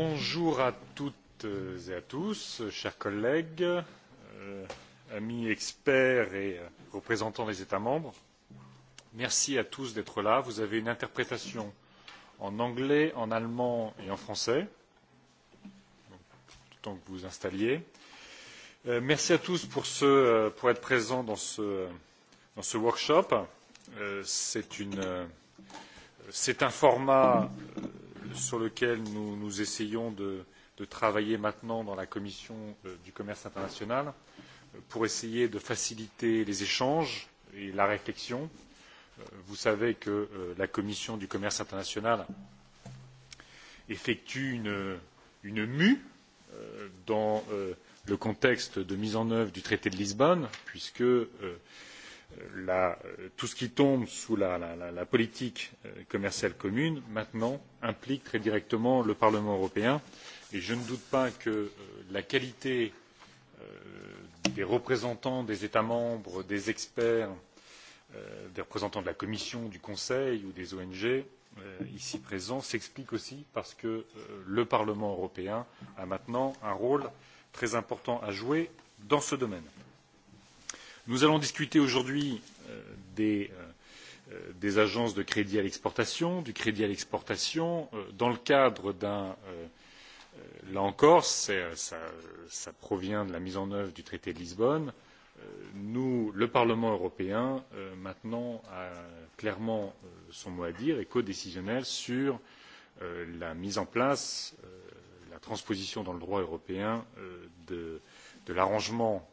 Bonjour à toutes et à tous, chers collègues, amis experts et représentants des États membres. Merci à tous d'être là. Vous avez une interprétation en anglais, en allemand et en français, tout temps que vous vous installiez. Merci à tous pour, être présents dans ce, workshop. C'est un format sur lequel nous, essayons de, travailler maintenant dans la commission du commerce international pour essayer de faciliter les échanges et la réflexion. Vous savez que la commission du commerce international effectue une, mue dans le contexte de mise en œuvre du traité de Lisbonne, puisque tout ce qui tombe sous la, politique commerciale commune maintenant implique très directement le Parlement européen et je ne doute pas que la qualité des représentants des États membres, des experts, des représentants de la Commission, du Conseil ou des ONG ici présents s'explique aussi parce que le Parlement européen a maintenant un rôle très important à jouer dans ce domaine Nous allons discuter aujourd'hui des, agences de crédit à l'exportation, du crédit à l'exportation, dans le cadre d'un. Là encore, cela provient de la mise en œuvre du traité de Lisbonne. le Parlement européen, maintenant, a clairement son mot à dire et codécisionnel sur la mise en place, la transposition dans le droit européen de l'arrangement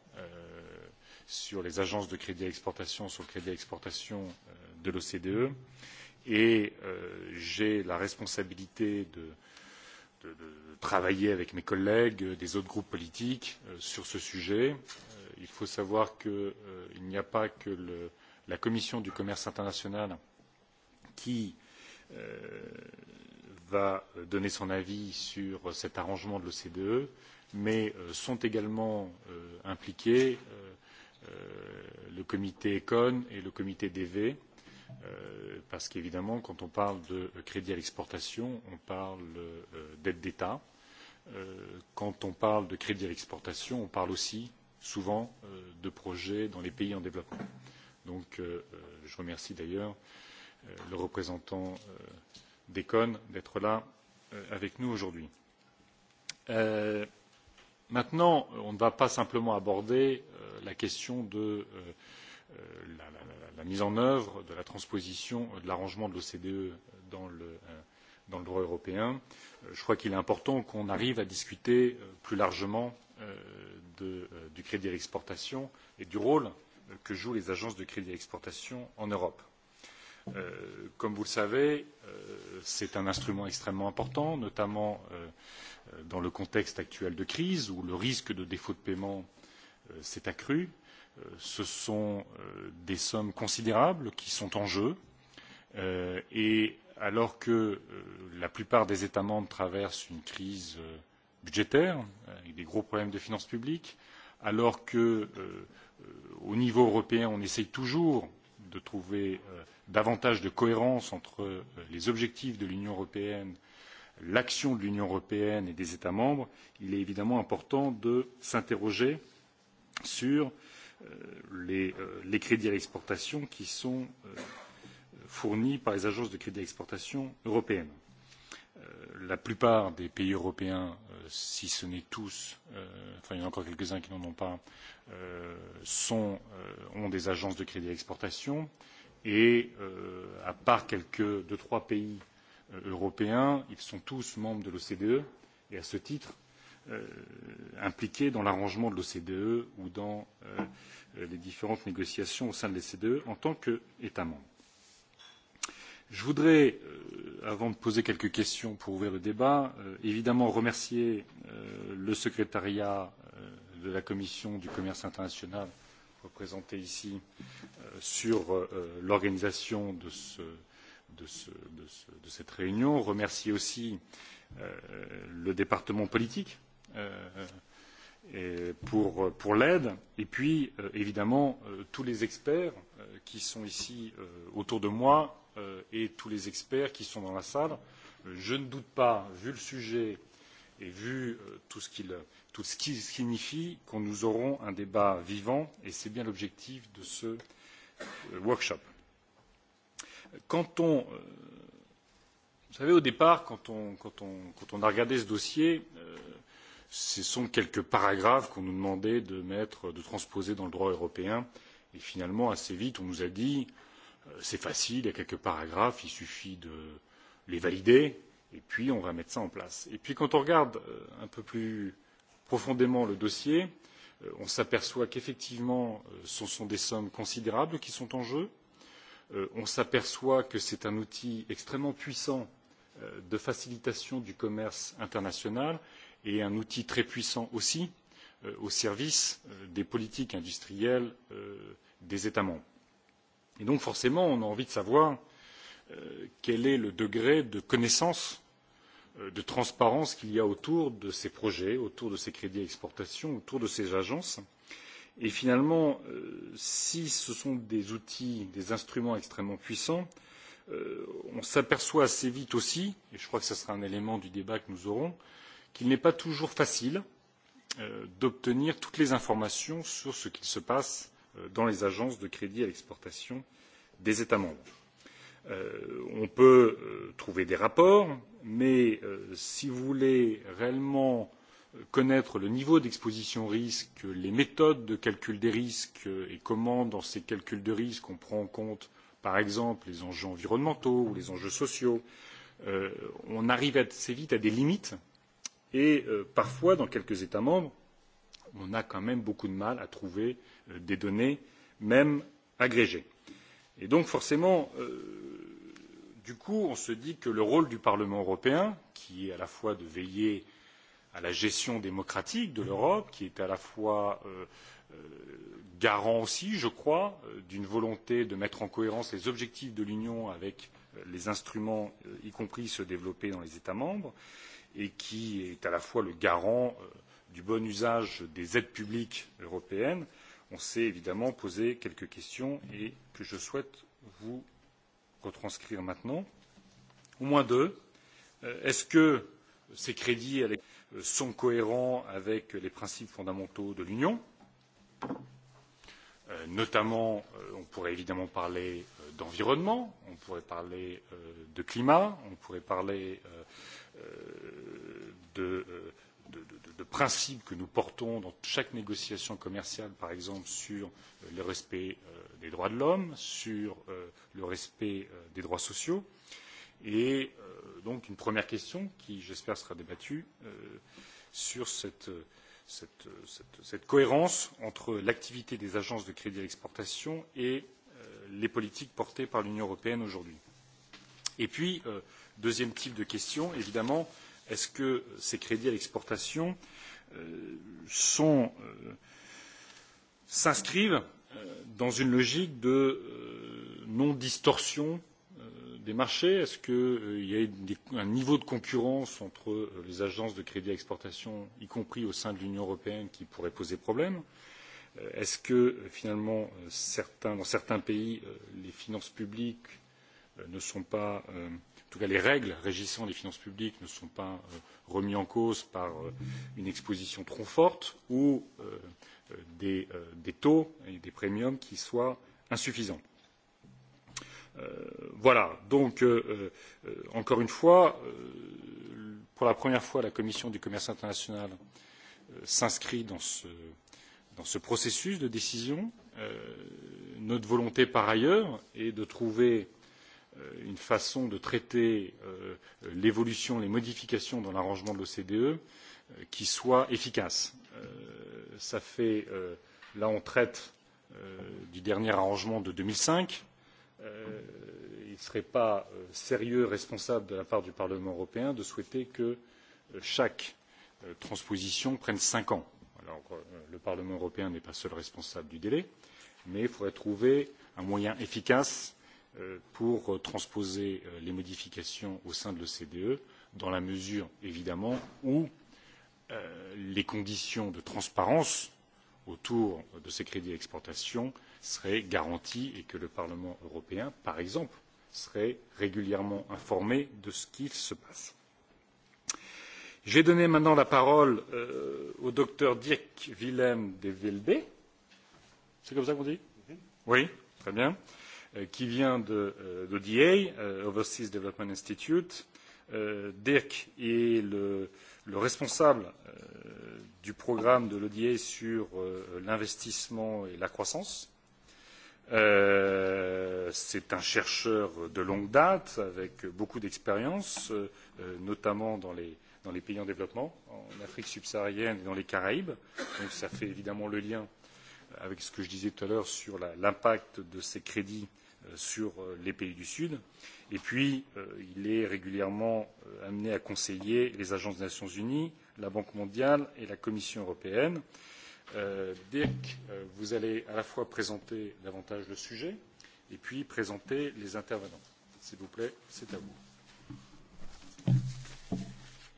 sur les agences de crédit à exportation, sur le crédit à exportation de l'OCDE. Et j'ai la responsabilité de, travailler avec mes collègues des autres groupes politiques sur ce sujet. il faut savoir qu'il n'y a pas que la Commission du commerce international qui va donner son avis sur cet arrangement de l'OCDE, mais sont également impliqués le comité econ et le comité DV, parce qu'évidemment, quand on parle de crédit à l'exportation, on parle d'aide d'État. Quand on parle de crédit à l'exportation, on parle aussi souvent de projets dans les pays en développement. Donc, je remercie d'ailleurs le représentant d'Econ d'être là avec nous aujourd'hui maintenant on ne va pas simplement aborder la question de la mise en œuvre de la transposition de l'arrangement de l'ocde dans le droit européen je crois qu'il est important qu'on arrive à discuter plus largement du crédit à l'exportation et du rôle que jouent les agences de crédit à l'exportation en europe comme vous le savez, c'est un instrument extrêmement important, notamment dans le contexte actuel de crise où le risque de défaut de paiement s'est accru. Ce sont des sommes considérables qui sont en jeu et alors que la plupart des États membres traversent une crise budgétaire avec des gros problèmes de finances publiques, alors qu'au niveau européen on essaie toujours de trouver davantage de cohérence entre les objectifs de l'Union européenne, l'action de l'Union européenne et des États membres, il est évidemment important de s'interroger sur les, crédits à l'exportation qui sont fournis par les agences de crédit à l'exportation européennes. La plupart des pays européens si ce n'est tous, enfin il y en a encore quelques-uns qui n'en ont pas, sont, ont des agences de crédit à exportation. Et à part quelques deux, trois pays européens, ils sont tous membres de l'OCDE et à ce titre impliqués dans l'arrangement de l'OCDE ou dans les différentes négociations au sein de l'OCDE en tant qu'État membre Je voudrais, avant de poser quelques questions pour ouvrir le débat, évidemment remercier le secrétariat de la Commission du commerce international représenté ici sur l'organisation de, cette réunion, remercier aussi le département politique pour, l'aide et puis évidemment tous les experts qui sont ici autour de moi et tous les experts qui sont dans la salle. Je ne doute pas, vu le sujet et vu tout ce qu'il signifie, que nous aurons un débat vivant et c'est bien l'objectif de ce workshop. Quand on, vous savez, au départ, quand on, a regardé ce dossier, ce sont quelques paragraphes qu'on nous demandait de mettre, de transposer dans le droit européen. Et finalement, assez vite, on nous a dit, euh, c'est facile, il y a quelques paragraphes, il suffit de les valider, et puis on va mettre ça en place. Et puis quand on regarde un peu plus profondément le dossier, on s'aperçoit qu'effectivement, ce sont des sommes considérables qui sont en jeu. On s'aperçoit que c'est un outil extrêmement puissant de facilitation du commerce international et un outil très puissant aussi au service des politiques industrielles des États membres Et donc forcément, on a envie de savoir quel est le degré de connaissance, de transparence qu'il y a autour de ces projets, autour de ces crédits à exportation, autour de ces agences. Et finalement, si ce sont des outils, des instruments extrêmement puissants, on s'aperçoit assez vite aussi, et je crois que ce sera un élément du débat que nous aurons, qu'il n'est pas toujours facile d'obtenir toutes les informations sur ce qu'il se passe dans les agences de crédit à l'exportation des États membres. on peut trouver des rapports, mais si vous voulez réellement connaître le niveau d'exposition risque, les méthodes de calcul des risques et comment, dans ces calculs de risque, on prend en compte, par exemple, les enjeux environnementaux ou les enjeux sociaux, on arrive assez vite à des limites et parfois, dans quelques États membres, on a quand même beaucoup de mal à trouver des données, même agrégées. Et donc forcément, du coup, on se dit que le rôle du Parlement européen, qui est à la fois de veiller à la gestion démocratique de l'Europe, qui est à la fois garant aussi, je crois, d'une volonté de mettre en cohérence les objectifs de l'Union avec les instruments, y compris ceux développés dans les États membres, et qui est à la fois le garant du bon usage des aides publiques européennes, on s'est évidemment posé quelques questions et que je souhaite vous retranscrire maintenant. Au moins deux. Est-ce que ces crédits sont cohérents avec les principes fondamentaux de l'Union Notamment, on pourrait évidemment parler d'environnement, on pourrait parler de climat, on pourrait parler de de, principes que nous portons dans chaque négociation commerciale, par exemple sur le respect des droits de l'homme, sur le respect des droits sociaux. Et donc une première question qui, j'espère, sera débattue sur cette, cohérence entre l'activité des agences de crédit à l'exportation et les politiques portées par l'Union européenne aujourd'hui. Et puis, deuxième type de question, évidemment, euh, Est-ce que ces crédits à l'exportation s'inscrivent dans une logique de non-distorsion des marchés Est-ce qu'il y a un niveau de concurrence entre les agences de crédit à exportation, y compris au sein de l'Union européenne, qui pourrait poser problème Est-ce que finalement, dans certains pays, les finances publiques ne sont pas en tout cas les règles régissant les finances publiques ne sont pas remises en cause par une exposition trop forte ou des taux et des premiums qui soient insuffisants. Voilà, donc encore une fois, pour la première fois, la Commission du commerce international s'inscrit dans ce, processus de décision. notre volonté, par ailleurs, est de trouver une façon de traiter l'évolution, les modifications dans l'arrangement de l'OCDE qui soit efficace. fait là, on traite du dernier arrangement de deux mille cinq. il ne serait pas sérieux, responsable de la part du Parlement européen de souhaiter que chaque transposition prenne cinq ans. Alors, le Parlement européen n'est pas seul responsable du délai, mais il faudrait trouver un moyen efficace pour transposer les modifications au sein de l'OCDE, dans la mesure, évidemment, où les conditions de transparence autour de ces crédits d'exportation seraient garanties et que le Parlement européen, par exemple, serait régulièrement informé de ce qu'il se passe. Je vais donner maintenant la parole au docteur Dirk Willem de Vilbe. C'est comme ça qu'on dit Oui, très bien. Euh, qui vient de l'ODA, Overseas Development Institute. Dirk est le, responsable du programme de l'ODA sur l'investissement et la croissance. C'est un chercheur de longue date, avec beaucoup d'expérience, notamment dans les, dans les pays en développement, en Afrique subsaharienne et dans les Caraïbes. Donc ça fait évidemment le lien avec ce que je disais tout à l'heure sur l'impact de ces crédits sur les pays du Sud. Et puis, il est régulièrement amené à conseiller les agences des Nations Unies, la Banque mondiale et la Commission européenne. Dirk, vous allez à la fois présenter davantage le sujet et puis présenter les intervenants. S'il vous plaît, c'est à vous.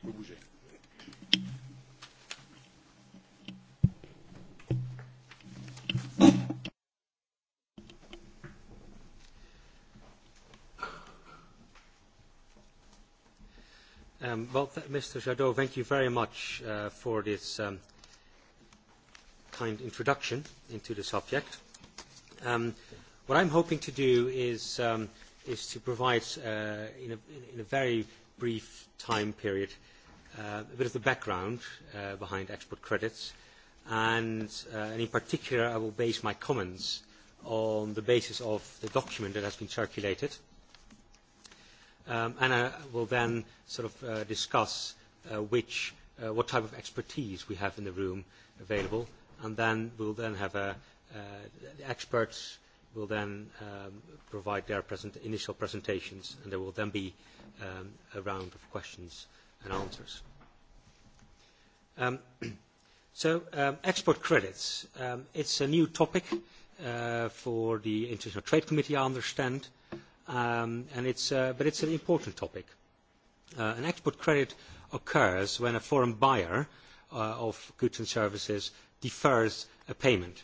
Vous bougez. well, Mr. Jadot, thank you very much for this kind introduction into the subject. what I'm hoping to do is, to provide, in, a, very brief time period, a bit of the background behind export credits, and, in particular, I will base my comments on the basis of the document that has been circulated – Anna will then sort of discuss which, what type of expertise we have in the room available, and then we'll then have a, the experts will then provide their present, initial presentations, and there will then be a round of questions and answers. so export credits, it's a new topic for the International Trade Committee, I understand Um, and it's, uh, but it's an important topic. Uh, an export credit occurs when a foreign buyer uh, of goods and services defers a payment.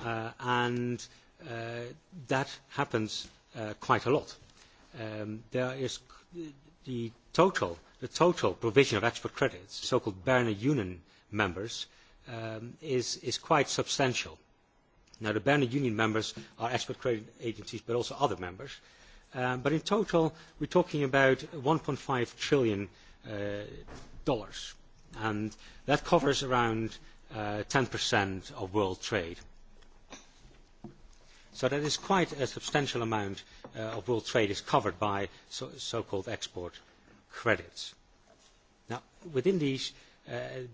Uh, and uh, that happens uh, quite a lot. Um, there is the total, the total provision of export credits, so-called Berner Union members, um, is, is quite substantial. Now, the Berner Union members are export credit agencies, but also other members. Uh, but in total, we're talking about one five trillion dollars, and that covers around 10% of world trade. So that is quite a substantial amount of world trade is covered by so-called export credits. Now, within these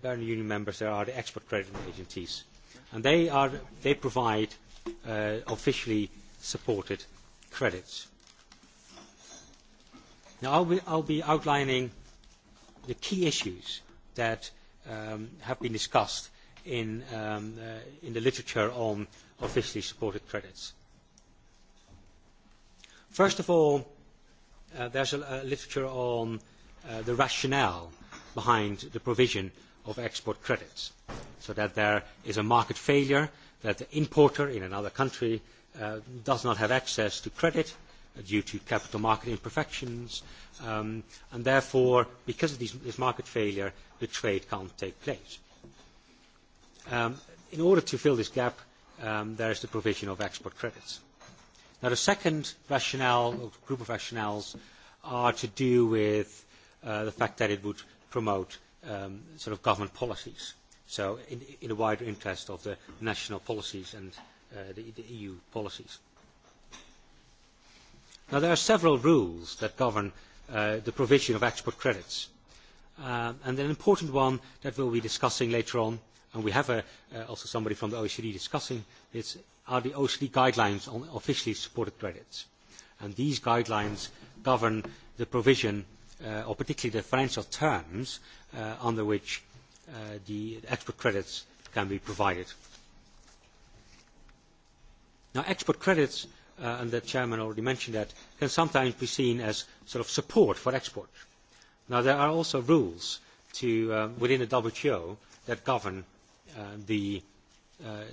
Berne Union members, there are the export credit agencies, and they, are, they provide officially supported credits Now, I'll be outlining the key issues that have been discussed in the literature on officially supported credits. First of all, there's a literature on the rationale behind the provision of export credits, so that there is a market failure, that the importer in another country does not have access to credit, due to capital market imperfections, and therefore, because of this market failure, the trade cannot take place. in order to fill this gap, there is the provision of export credits. the second rationale, or group of rationales, are to do with the fact that it would promote sort of government policies, so in, in the wider interest of the national policies and the EU policies there are several rules that govern the provision of export credits. and an important one that we will be discussing later on, and we have also somebody from the OECD discussing this, are the OECD guidelines on officially supported credits. And these guidelines govern the provision, or particularly the financial terms under which the export credits can be provided. Now, export credits and the chairman already mentioned that, can sometimes be seen as sort of support for export. Now, there are also rules to, within the WTO that govern the,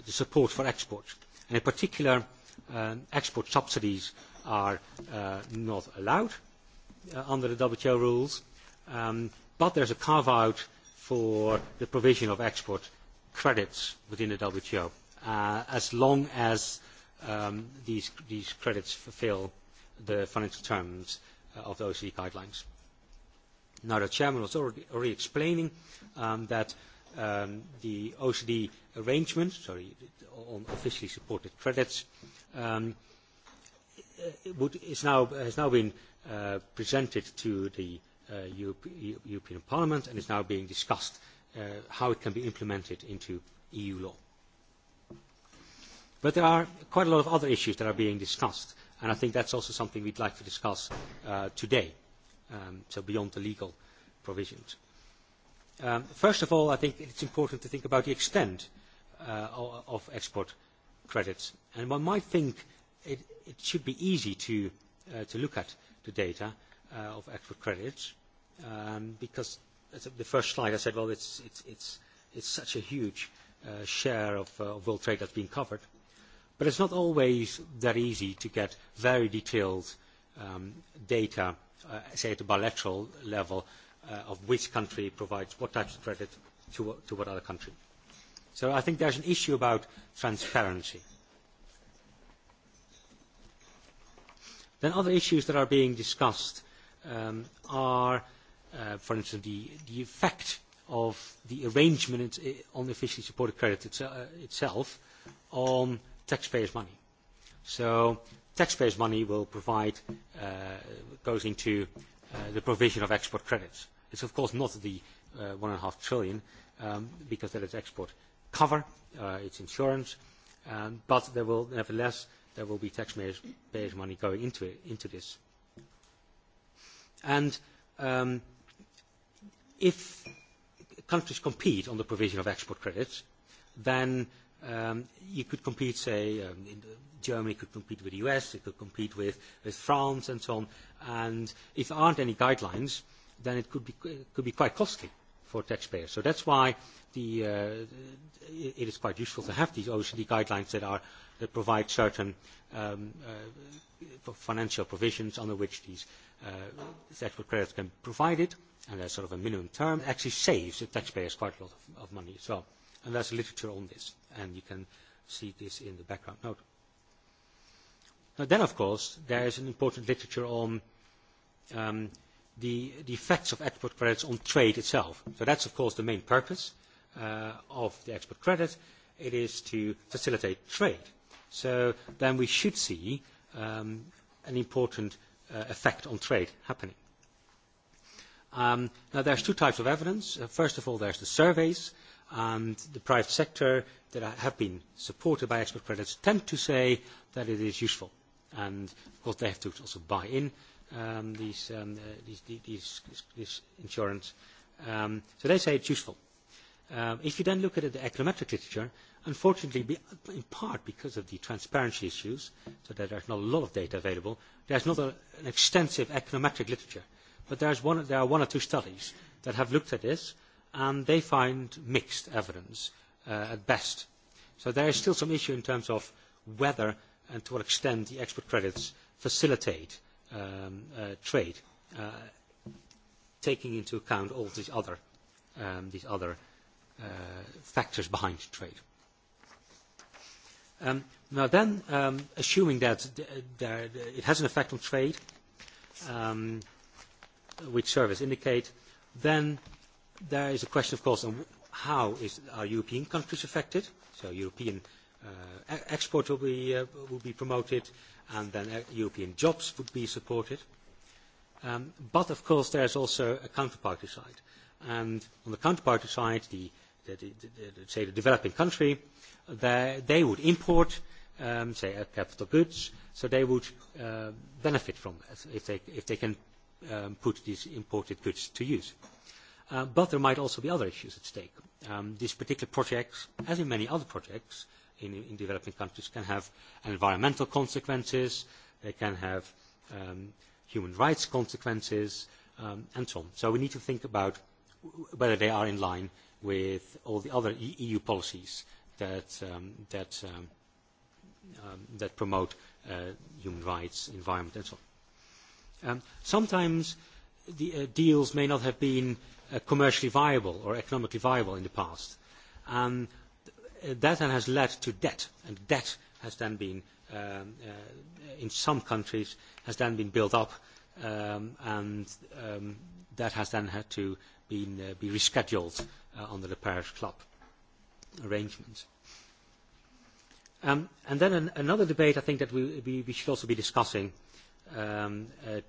support for export. And in particular, export subsidies are not allowed under the WTO rules, but there is a carve-out for the provision of export credits within the WTO, as long as these, these credits fulfil the financial terms of the OECD guidelines. Now, the chairman was already, already explaining um, that um, the OECD arrangement, sorry, on officially supported credits, um, would, it's now, has now been uh, presented to the uh, Europe, European Parliament and is now being discussed uh, how it can be implemented into EU law But there are quite a lot of other issues that are being discussed, and I think that's also something we'd like to discuss today, so beyond the legal provisions. first of all, I think it's important to think about the extent of export credits. And one might think it, it should be easy to, to look at the data of export credits, because the first slide I said, well, it's, it's, it's, it's such a huge share of, world trade that's being covered But it's not always that easy to get very detailed data, say at a bilateral level, of which country provides what types of credit to, what other country. So I think there's an issue about transparency. Then other issues that are being discussed are, for instance, the, the effect of the arrangement on officially supported credit itself on taxpayers' money. So taxpayers' money will provide, goes into the provision of export credits. It's of course not the one and a half trillion because that is export cover, it's insurance, but there will nevertheless there will be taxpayers' money going into it, into this. And if countries compete on the provision of export credits, then you could compete, say, um, in Germany could compete with the US, it could compete with, with France and so on. And if there aren't any guidelines, then it could be, could be quite costly for taxpayers. So that's why the, uh, it is quite useful to have these OECD guidelines that, are, that provide certain um, uh, financial provisions under which these uh, tax credits can be provided, and there's sort of a minimum term. It actually saves the taxpayers quite a lot of, of money as well And there's literature on this, and you can see this in the background note. Now then, of course, there is an important literature on um, the, the effects of export credits on trade itself. So that's, of course, the main purpose uh, of the export credit. It is to facilitate trade. So then we should see um, an important uh, effect on trade happening. Um, now, there's two types of evidence. Uh, first of all, there's the surveys and the private sector that have been supported by export credits tend to say that it is useful. And of course, they have to also buy in um, these, um, these, these, this insurance. Um, so they say it's useful. Um, if you then look at the econometric literature, unfortunately, in part because of the transparency issues, so that there's not a lot of data available, there's not a, an extensive econometric literature. But there's one, there are one or two studies that have looked at this and they find mixed evidence at best. So there is still some issue in terms of whether and to what extent the export credits facilitate trade, taking into account all these other, these other factors behind trade. now then, assuming that there, it has an effect on trade, which surveys indicate, then There is a question, of course, on how is, are European countries affected? So European uh, export will be, uh, will be promoted and then European jobs would be supported. Um, but, of course, there is also a counterparty side. And on the counterparty side, the, the, the, the, say the developing country, they would import, um, say, capital goods, so they would uh, benefit from that if they, if they can um, put these imported goods to use. Uh, but there might also be other issues at stake. these particular projects, as in many other projects in, in developing countries, can have environmental consequences, they can have human rights consequences, and so on. So we need to think about whether they are in line with all the other EU policies that, that, that promote human rights, environment, and so on. sometimes the deals may not have been commercially viable or economically viable in the past. Um, that then has led to debt, and debt has then been, in some countries, has then been built up, and that has then had to be, be rescheduled under the Paris Club arrangements. and then an another debate I think that we, we, we should also be discussing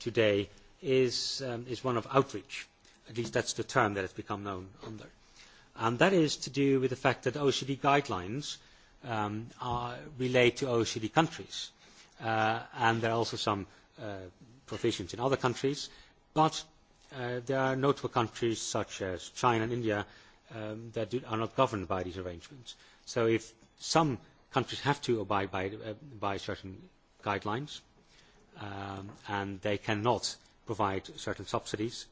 today is um is, one of outreach at least that is the term that it has become known under. And that is to do with the fact that OECD guidelines relate to OECD countries. and there are also some provisions in other countries, but there are notable countries such as China and India that are not governed by these arrangements. So if some countries have to abide by, by certain guidelines, and they cannot provide certain subsidies,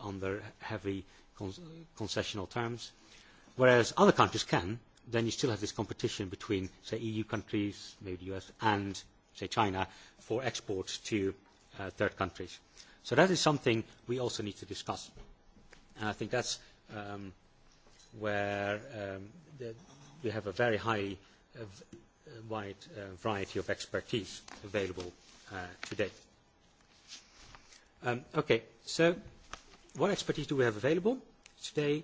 under heavy concessional terms. Whereas other countries can, then you still have this competition between, say, EU countries, maybe the US, and, say, China for exports to third countries. So that is something we also need to discuss. And I think that's um, where um, the, we have a very high, uh, wide uh, variety of expertise available uh, today okay, so what expertise do we have available today?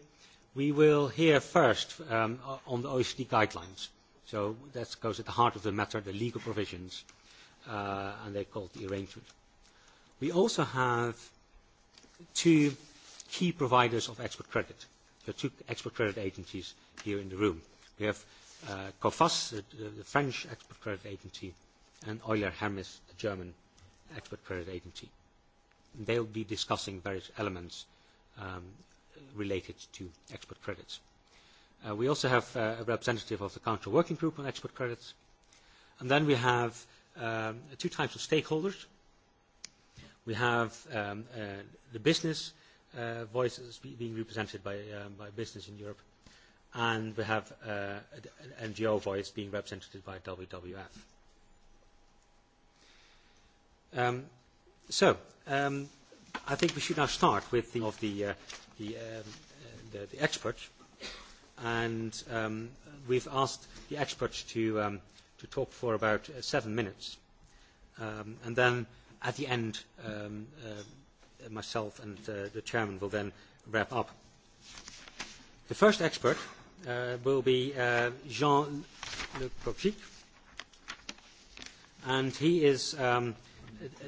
We will hear first on the OECD guidelines. So that goes at the heart of the matter, the legal provisions, uh, and they're called the arrangement. We also have two key providers of export credit, so two export credit agencies here in the room. We have uh, COFAS, the French export credit agency, and Euler Hermes, the German export credit agency they will be discussing various elements related to export credits. we also have a representative of the Council Working Group on export credits. And then we have two types of stakeholders. We have the business voices being represented by, business in Europe, and we have an NGO voice being represented by WWF So, um, I think we should now start with the, of the, uh, the, um, the, the experts. And um, we've asked the experts to, um, to talk for about uh, seven minutes. Um, and then at the end, um, uh, myself and uh, the chairman will then wrap up. The first expert uh, will be uh, Jean Le Progic, and he is um, –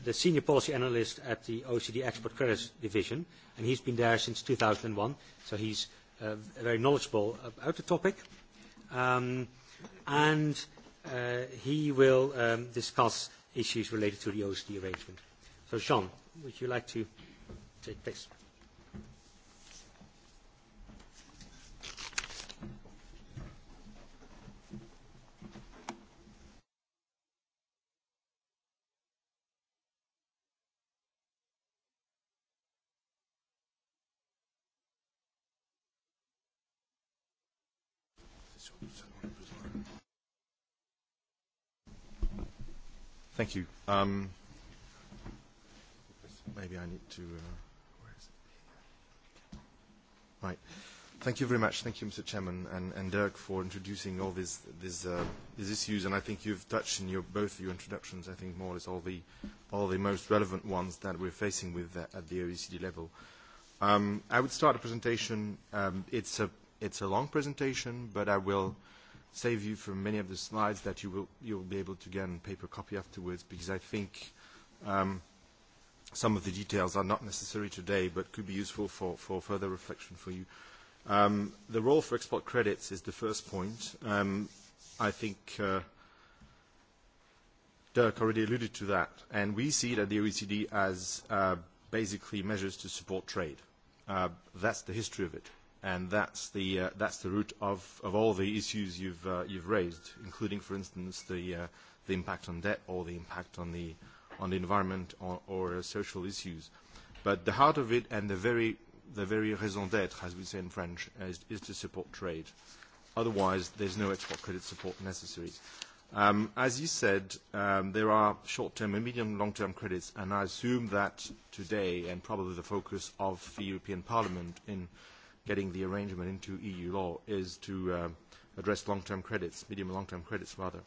the senior policy analyst at the OECD Export Credit Division, and he's been there since 2001, so he's uh, very knowledgeable about the topic. Um, and uh, he will um, discuss issues related to the OECD arrangement. So, Jean, would you like to take place? Thank you. Um, maybe I need to. Uh, where is it? Right. Thank you very much. Thank you, Mr. Chairman, and, and Dirk for introducing all these these, uh, these issues. And I think you've touched in your both your introductions. I think more or less all the all the most relevant ones that we're facing with at the OECD level. Um, I would start a presentation. Um, it's a It's a long presentation, but I will save you from many of the slides that you will you'll be able to get in paper copy afterwards because I think um, some of the details are not necessary today but could be useful for, for further reflection for you. Um, the role for export credits is the first point. Um, I think uh, Dirk already alluded to that, and we see it at the OECD as uh, basically measures to support trade. Uh, that's the history of it and that's the uh, that's the root of, of all the issues you've uh, you've raised, including, for instance, the uh, the impact on debt or the impact on the on the environment or, or uh, social issues. But the heart of it and the very the very raison d'être, as we say in French, is, is to support trade. Otherwise, there's no export credit support necessary. Um, as you said, um, there are short-term and medium long-term credits, and I assume that today, and probably the focus of the European Parliament in getting the arrangement into EU law is to uh, address long-term credits, medium and long-term credits rather.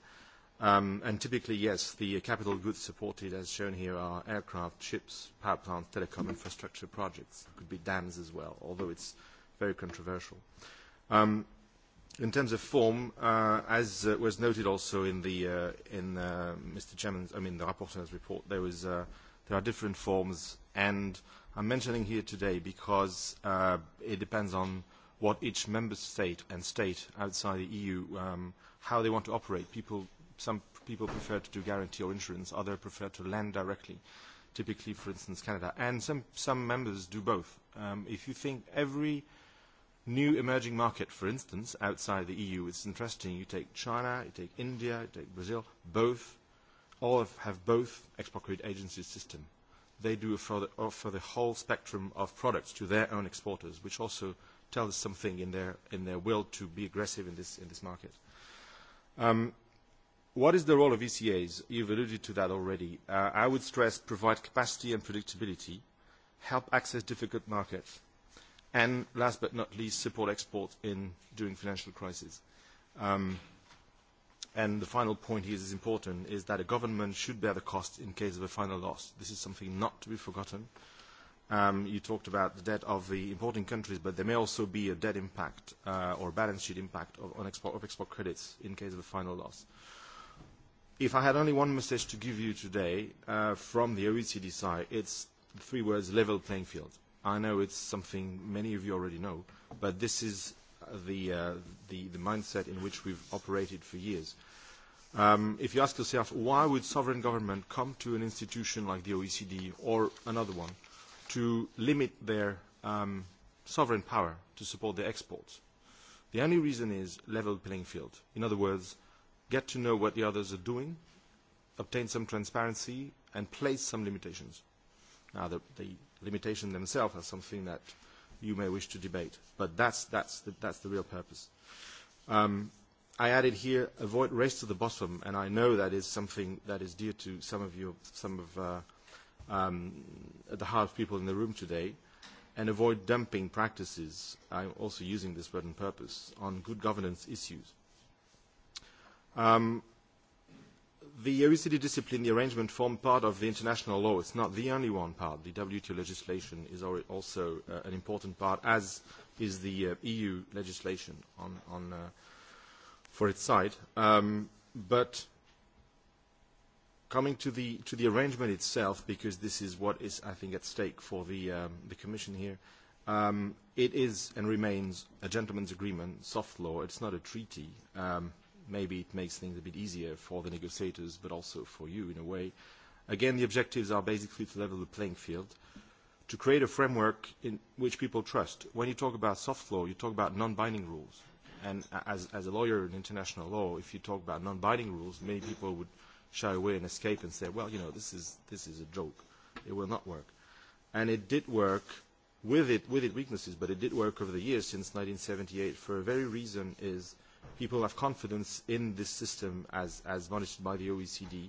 Um, and typically, yes, the capital goods supported, as shown here, are aircraft, ships, power plants, telecom infrastructure projects. It could be dams as well, although it's very controversial. Um, in terms of form, uh, as uh, was noted also in the uh, in uh, Mr. Chairman's, I mean the rapporteur's report, there was uh, there are different forms and I'm mentioning here today because uh, it depends on what each member state and state outside the EU, um, how they want to operate. People, some people prefer to do guarantee or insurance, others prefer to lend directly, typically, for instance, Canada. And some, some members do both. Um, if you think every new emerging market, for instance, outside the EU, it's interesting. You take China, you take India, you take Brazil, both, all have, have both export credit agency system they do for the, offer the whole spectrum of products to their own exporters, which also tells us something in their, in their will to be aggressive in this, in this market. Um, what is the role of ECAs? You've alluded to that already. Uh, I would stress provide capacity and predictability, help access difficult markets, and last but not least, support exports in during financial crises. Um, And the final point here is important, is that a government should bear the cost in case of a final loss. This is something not to be forgotten. Um, you talked about the debt of the importing countries, but there may also be a debt impact uh, or balance sheet impact of, on export, of export credits in case of a final loss. If I had only one message to give you today uh, from the OECD side, it's the three words level playing field. I know it's something many of you already know, but this is the, uh, the, the mindset in which we've operated for years Um, if you ask yourself, why would sovereign government come to an institution like the OECD or another one to limit their um, sovereign power to support their exports? The only reason is level playing field. In other words, get to know what the others are doing, obtain some transparency, and place some limitations. Now, the, the limitations themselves are something that you may wish to debate, but that's, that's, the, that's the real purpose. Um, I added here, avoid race to the bottom, and I know that is something that is dear to some of you, some of uh, um, at the heart of people in the room today, and avoid dumping practices, I'm also using this word on purpose, on good governance issues. Um, the OECD discipline, the arrangement formed part of the international law. It's not the only one part. The WTO legislation is also uh, an important part, as is the uh, EU legislation on, on uh, for its side. Um, but coming to the to the arrangement itself, because this is what is I think at stake for the um, the Commission here. Um, it is and remains a gentleman's agreement, soft law. It's not a treaty. Um, maybe it makes things a bit easier for the negotiators, but also for you in a way. Again, the objectives are basically to level the playing field, to create a framework in which people trust. When you talk about soft law, you talk about non-binding rules and as, as a lawyer in international law, if you talk about non-binding rules, many people would shy away and escape and say, well, you know, this is, this is a joke. It will not work. And it did work with, it, with its weaknesses, but it did work over the years since 1978 for a very reason is people have confidence in this system as, as monitored by the OECD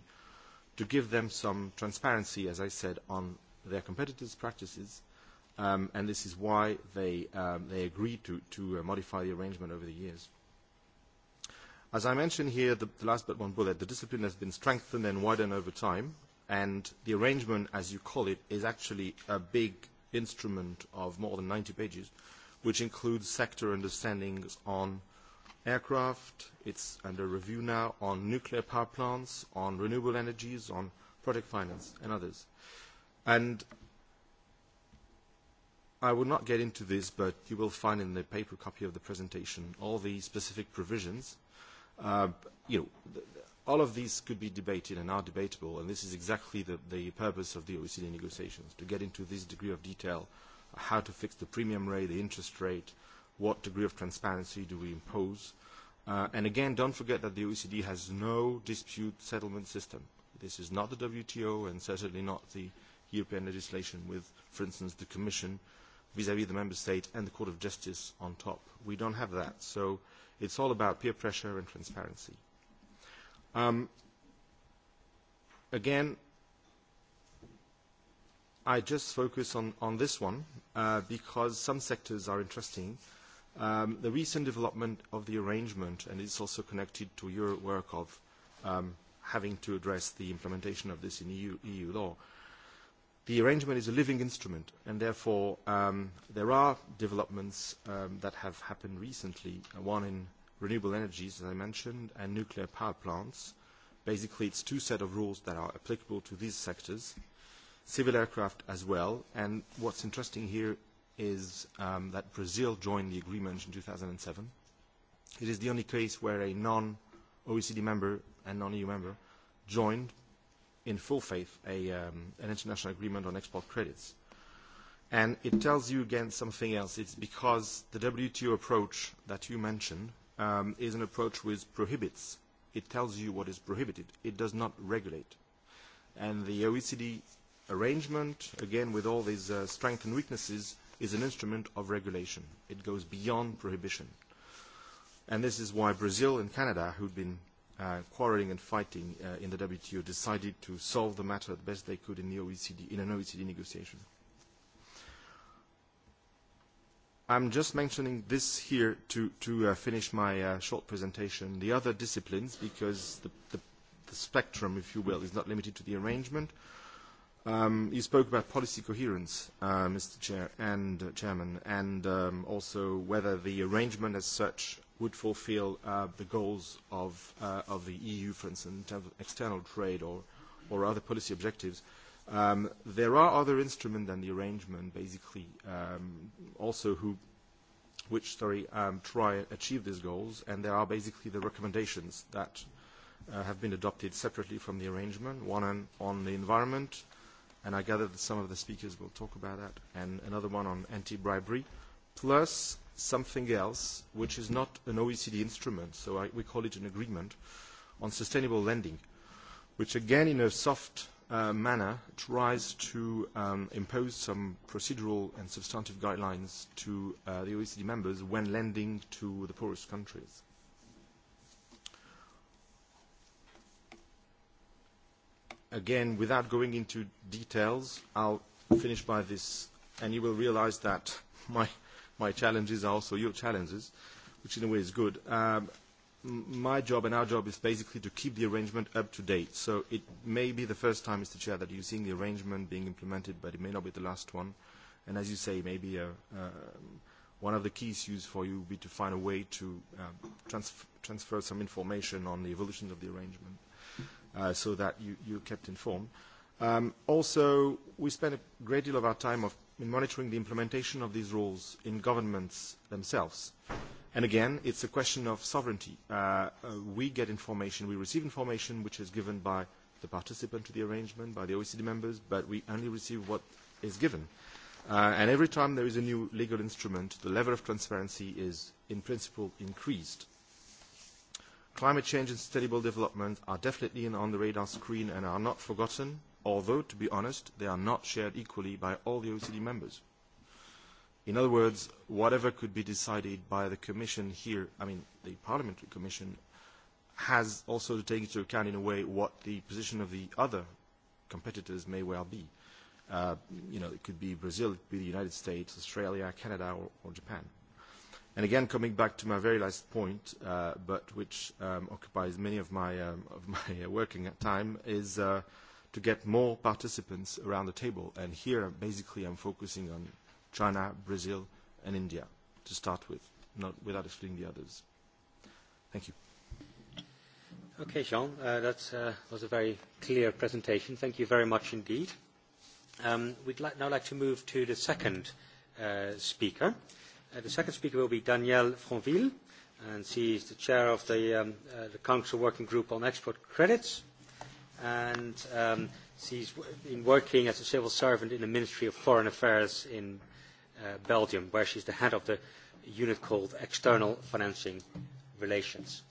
to give them some transparency, as I said, on their competitors' practices um, and this is why they, um, they agreed to, to uh, modify the arrangement over the years. As I mentioned here, the, the last but one bullet, the discipline has been strengthened and widened over time, and the arrangement, as you call it, is actually a big instrument of more than 90 pages, which includes sector understandings on aircraft, it's under review now, on nuclear power plants, on renewable energies, on project finance, and others. And I will not get into this, but you will find in the paper copy of the presentation all the specific provisions. Uh, you know, all of these could be debated and are debatable, and this is exactly the, the purpose of the OECD negotiations, to get into this degree of detail, how to fix the premium rate, the interest rate, what degree of transparency do we impose. Uh, and again, don't forget that the OECD has no dispute settlement system. This is not the WTO and certainly not the European legislation with, for instance, the Commission uh, vis-à-vis the member state and the Court of Justice on top. We don't have that. So it's all about peer pressure and transparency. Um, again, I just focus on, on this one uh, because some sectors are interesting. Um, the recent development of the arrangement, and it's also connected to your work of um, having to address the implementation of this in EU, EU law, uh, The arrangement is a living instrument, and therefore um, there are developments um, that have happened recently, one in renewable energies, as I mentioned, and nuclear power plants. Basically, it's two set of rules that are applicable to these sectors, civil aircraft as well. And what's interesting here is um, that Brazil joined the agreement in 2007. It is the only case where a non-OECD member and non-EU member joined in full faith a, um, an international agreement on export credits. And it tells you again something else. It's because the WTO approach that you mentioned um, is an approach which prohibits. It tells you what is prohibited. It does not regulate. And the OECD arrangement, again with all these uh, strengths and weaknesses, is an instrument of regulation. It goes beyond prohibition. And this is why Brazil and Canada, who've been uh, quarreling and fighting uh, in the WTO decided to solve the matter the best they could in, the OECD, in an OECD negotiation. I'm just mentioning this here to, to uh, finish my uh, short presentation. The other disciplines, because the, the, the spectrum, if you will, is not limited to the arrangement. Um, you spoke about policy coherence, uh, Mr. Chair and uh, Chairman, and um, also whether the arrangement as such would fulfil uh, the goals of, uh, of the EU, for instance, in terms of external trade or, or other policy objectives. Um, there are other instruments than the arrangement, basically, um, also who, which sorry, um, try to achieve these goals, and there are basically the recommendations that uh, have been adopted separately from the arrangement, one on, on the environment, and I gather that some of the speakers will talk about that, and another one on anti-bribery, plus something else, which is not an OECD instrument, so I, we call it an agreement on sustainable lending, which again, in a soft uh, manner, tries to um, impose some procedural and substantive guidelines to uh, the OECD members when lending to the poorest countries. Again, without going into details, I'll finish by this, and you will realize that my – my challenges are also your challenges, which in a way is good. Um, my job and our job is basically to keep the arrangement up to date. So it may be the first time, Mr. Chair, that you're seeing the arrangement being implemented, but it may not be the last one. And as you say, maybe a, uh, one of the key issues for you would be to find a way to um, transf transfer some information on the evolution of the arrangement uh, so that you, you're kept informed. Um, also, we spend a great deal of our time of in monitoring the implementation of these rules in governments themselves. And again, it's a question of sovereignty. Uh, we get information, we receive information which is given by the participant to the arrangement, by the OECD members, but we only receive what is given. Uh, and every time there is a new legal instrument, the level of transparency is, in principle, increased. Climate change and sustainable development are definitely on the radar screen and are not forgotten although, to be honest, they are not shared equally by all the OECD members. In other words, whatever could be decided by the Commission here, I mean the Parliamentary Commission, has also to take into account in a way what the position of the other competitors may well be. Uh, you know, it could be Brazil, it could be the United States, Australia, Canada, or, or Japan. And again, coming back to my very last point, uh, but which um, occupies many of my, um, of my working time, is uh, to get more participants around the table. And here, basically, I'm focusing on China, Brazil, and India to start with, not without excluding the others. Thank you. Okay, Jean, uh, that uh, was a very clear presentation. Thank you very much indeed. Um, we'd li- now like to move to the second uh, speaker. Uh, the second speaker will be Danielle Franville, and she is the chair of the, um, uh, the Council Working Group on Export Credits and um, she's been working as a civil servant in the Ministry of Foreign Affairs in uh, Belgium, where she's the head of the unit called External Financing Relations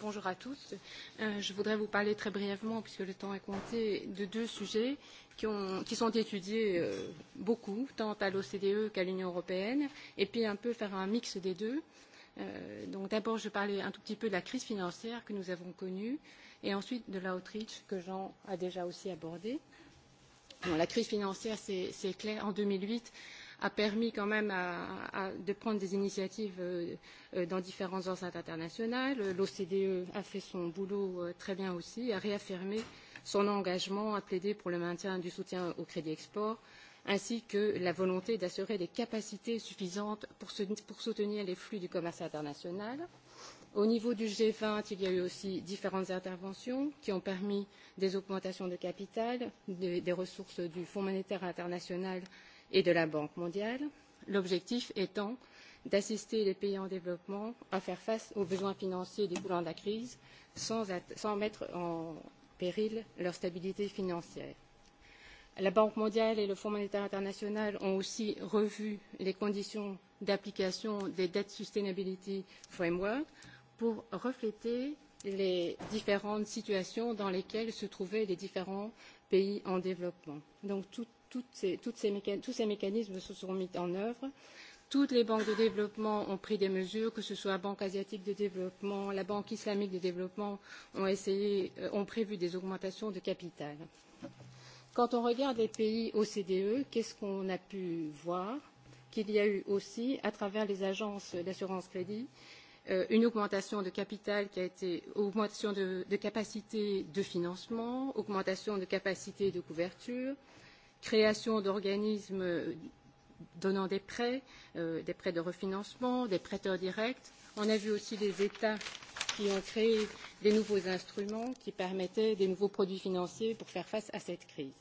bonjour à tous. je voudrais vous parler très brièvement, puisque le temps est compté, de deux sujets qui, ont, qui sont étudiés beaucoup, tant à l'OCDE qu'à l'Union européenne, et puis un peu faire un mix des deux. donc d'abord, je parlais un tout petit peu de la crise financière que nous avons connue, et ensuite de l'outreach que Jean a déjà aussi abordé. la crise financière, c'est clair, en 2008, a permis quand même de prendre des initiatives dans différentes enceintes internationales. L'OCDE a fait son boulot très bien aussi, a réaffirmé son engagement à plaider pour le maintien du soutien au crédit export, ainsi que la volonté d'assurer des capacités suffisantes pour soutenir les flux du commerce international. Au niveau du g vingt, il y a eu aussi différentes interventions qui ont permis des augmentations de capital, des ressources du Fonds monétaire international et de la Banque mondiale, l'objectif étant d'assister les pays en développement à faire face aux besoins financiers découlant de la crise sans, mettre en péril leur stabilité financière. La Banque mondiale et le Fonds monétaire international ont aussi revu les conditions d'application des Debt Sustainability Framework pour refléter les différentes situations dans lesquelles se trouvaient les différents pays en développement. Donc tout, toutes ces, toutes ces tous ces mécanismes se sont mis en œuvre. Toutes les banques de développement ont pris des mesures, que ce soit la Banque asiatique de développement, la Banque islamique de développement, ont, essayé, ont prévu des augmentations de capital. Quand on regarde les pays OCDE, qu'est-ce qu'on a pu voir Qu'il y a eu aussi, à travers les agences d'assurance crédit, une augmentation de capital qui a été augmentation de, de capacité de financement, augmentation de capacité de couverture, euh, création d'organismes donnant des prêts, euh, des prêts de refinancement, des prêteurs directs. On a vu aussi des États qui ont créé des nouveaux instruments qui permettaient des nouveaux produits financiers pour faire face à cette crise.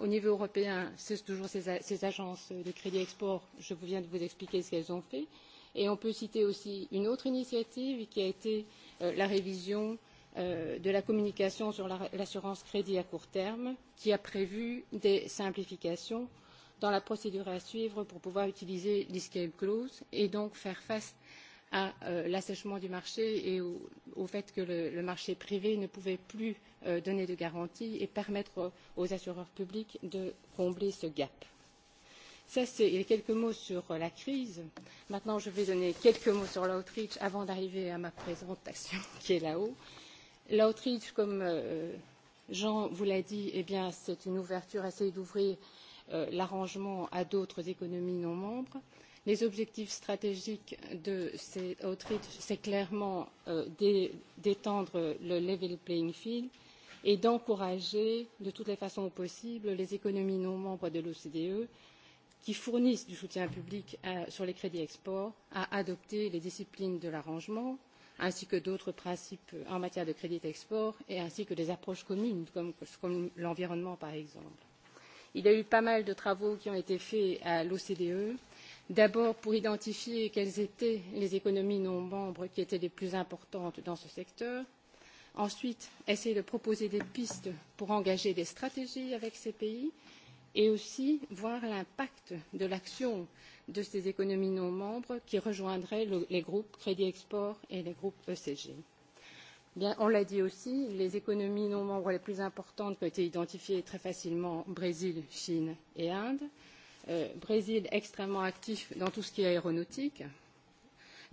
au niveau européen, c'est toujours ces, agences de crédit export, je viens de vous expliquer ce qu'elles ont fait. Et on peut citer aussi une autre initiative qui a été la révision euh, de la communication sur l'assurance crédit à court terme qui a prévu des simplifications dans la procédure à suivre pour pouvoir utiliser l'escape clause et donc faire face à l'assèchement du marché et au, fait que le, marché privé ne pouvait plus donner de garanties et permettre aux assureurs publics de combler ce gap. Ça, c'est quelques mots sur la crise. Maintenant, je vais donner quelques mots sur l'outreach avant d'arriver à ma présentation qui est là-haut. Euh, L'outreach, comme Jean vous l'a dit, eh bien, c'est une ouverture, essayer d'ouvrir l'arrangement à d'autres économies non membres. Les objectifs stratégiques de ces outreach, c'est clairement d'étendre le level playing field et d'encourager de toutes les façons possibles les économies non membres de l'OCDE qui fournissent du soutien public sur les crédits export à adopter les disciplines de l'arrangement ainsi que d'autres principes en matière de crédit export et ainsi que des approches communes comme, l'environnement par exemple. Il y a eu pas mal de travaux qui ont été faits à l'OCDE, d'abord pour identifier quelles étaient les économies non membres qui étaient les plus importantes dans ce secteur, ensuite essayer de proposer des pistes pour engager des stratégies avec ces pays et aussi voir l'impact de l'action de ces économies non membres qui rejoindraient les groupes Crédit Export et les groupes ECG. Bien, on l'a dit aussi, les économies non membres les plus importantes qui ont été identifiées très facilement Brésil, Chine et Inde. Brésil extrêmement actif dans tout ce qui est aéronautique,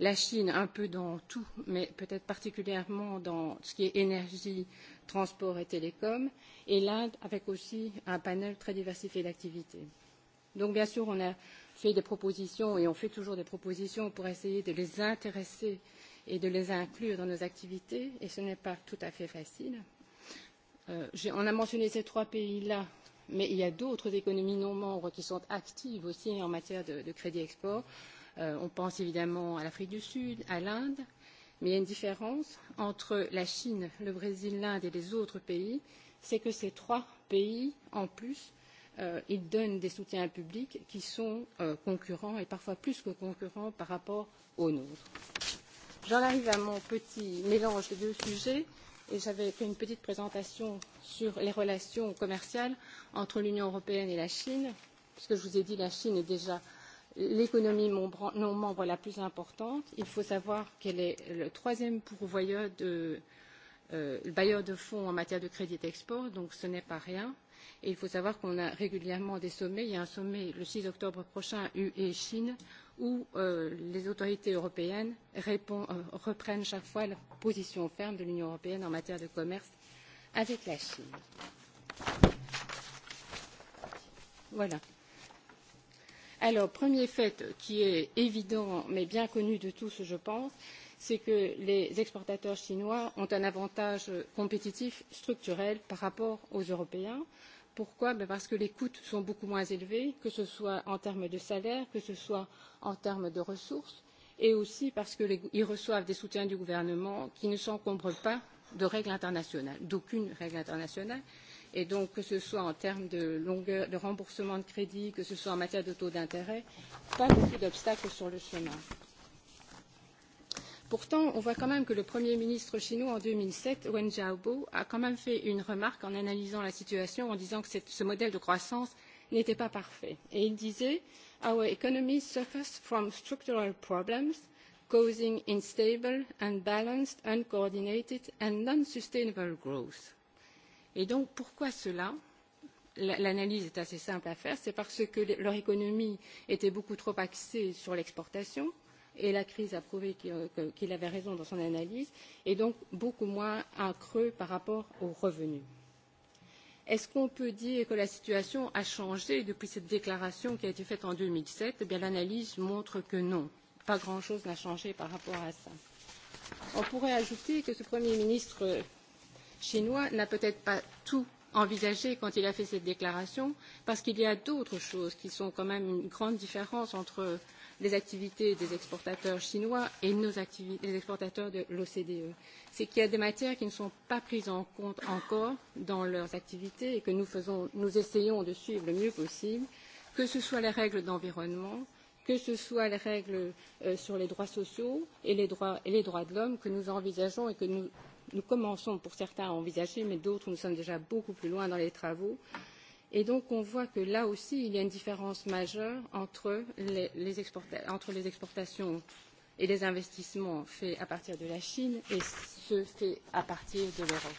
la Chine un peu dans tout, mais peut-être particulièrement dans ce qui est énergie, transport et télécom, et l'Inde avec aussi un panel très diversifié d'activités. Donc bien sûr, on a fait des propositions et on fait toujours des propositions pour essayer de les intéresser et de les inclure dans nos activités, et ce n'est pas tout à fait facile. on a mentionné ces trois pays-là mais il y a d'autres économies non membres qui sont actives aussi en matière de, crédit export on pense évidemment à l'Afrique du Sud, à l'Inde, mais il y a une différence entre la Chine, le Brésil, l'Inde et les autres pays, c'est que ces trois pays, en plus, ils donnent des soutiens publics qui sont concurrents et parfois plus que concurrents par rapport aux nôtres. J'en arrive à mon petit mélange des deux sujets et j'avais fait une petite présentation sur les relations commerciales entre l'Union européenne et la Chine, puisque je vous ai dit la Chine est déjà l'économie non membre la plus importante. Il faut savoir qu'elle est le troisième pourvoyeur de, euh, bailleur de fonds en matière de crédit d'export, donc ce n'est pas rien. Et il faut savoir qu'on a régulièrement des sommets. Il y a un sommet le 6 octobre prochain, UE Chine, où les autorités européennes reprennent chaque fois la position ferme de l'Union européenne en matière de commerce avec la Chine. Voilà. Alors, premier fait qui est évident, mais bien connu de tous, je pense, c'est que les exportateurs chinois ont un avantage compétitif structurel par rapport aux Européens. Pourquoi Parce que les coûts sont beaucoup moins élevés, que ce soit en termes de salaire, que ce soit en termes de ressources, et aussi parce qu'ils reçoivent des soutiens du gouvernement qui ne s'encombrent pas de règles internationales, d'aucune règle internationale, Et donc, que ce soit en termes de longueur, de remboursement de crédit, que ce soit en matière de taux d'intérêt, pas beaucoup d'obstacles sur le chemin. Pourtant, on voit quand même que le Premier ministre chinois en deux mille sept, Wen Jiabao, a quand même fait une remarque en analysant la situation en disant que ce modèle de croissance n'était pas parfait. Et il disait Our economy suffers from structural problems causing instable, unbalanced, uncoordinated and non-sustainable growth. Et donc, pourquoi cela L'analyse est assez simple à faire. C'est parce que leur économie était beaucoup trop axée sur l'exportation et la crise a prouvé qu'il avait raison dans son analyse et donc beaucoup moins un creux par rapport aux revenus. Est-ce qu'on peut dire que la situation a changé depuis cette déclaration qui a été faite en deux mille sept Eh bien, l'analyse montre que non. Pas grand-chose n'a changé par rapport à cela. On pourrait ajouter que ce Premier ministre chinois n'a peut-être pas tout envisagé quand il a fait cette déclaration, parce qu'il y a d'autres choses qui sont quand même une grande différence entre les activités des exportateurs chinois et nos activités, les exportateurs de l'OCDE. C'est qu'il y a des matières qui ne sont pas prises en compte encore dans leurs activités et que nous, faisons, nous essayons de suivre le mieux possible, que ce soit les règles d'environnement, que ce soit les règles sur les droits sociaux et les droits, de l'homme que nous envisageons et que nous nous commençons pour certains à envisager, mais d'autres, nous sommes déjà beaucoup plus loin dans les travaux. Et donc, on voit que là aussi, il y a une différence majeure entre les, les, exporta entre les exportations et les investissements faits à partir de la Chine et ceux faits à partir de l'Europe.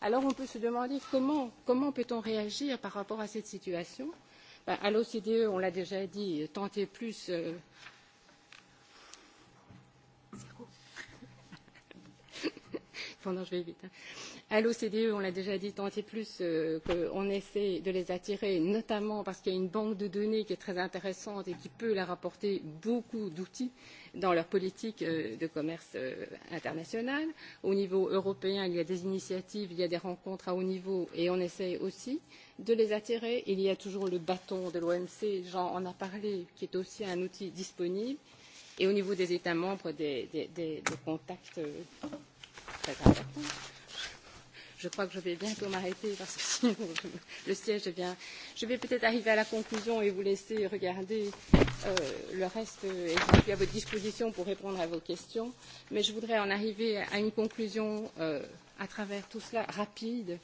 Alors, on peut se demander comment, comment peut-on réagir par rapport à cette situation ben, À l'OCDE, on l'a déjà dit, tenter plus pendant je vais vite. À l'OCDE, on l'a déjà dit tant et plus qu'on essaie de les attirer, notamment parce qu'il y a une banque de données qui est très intéressante et qui peut leur apporter beaucoup d'outils dans leur politique de commerce international. Au niveau européen, il y a des initiatives, il y a des rencontres à haut niveau et on essaie aussi de les attirer. Il y a toujours le bâton de l'OMC, Jean en a parlé, qui est aussi un outil disponible. Et au niveau des États membres, des, contacts très important. Je crois que je vais bientôt m'arrêter parce que sinon le siège est bien. Je vais peut-être arriver à la conclusion et vous laisser regarder euh, le reste et je suis à votre disposition pour répondre à vos questions. Mais je voudrais en arriver à une conclusion euh, à travers tout cela rapide.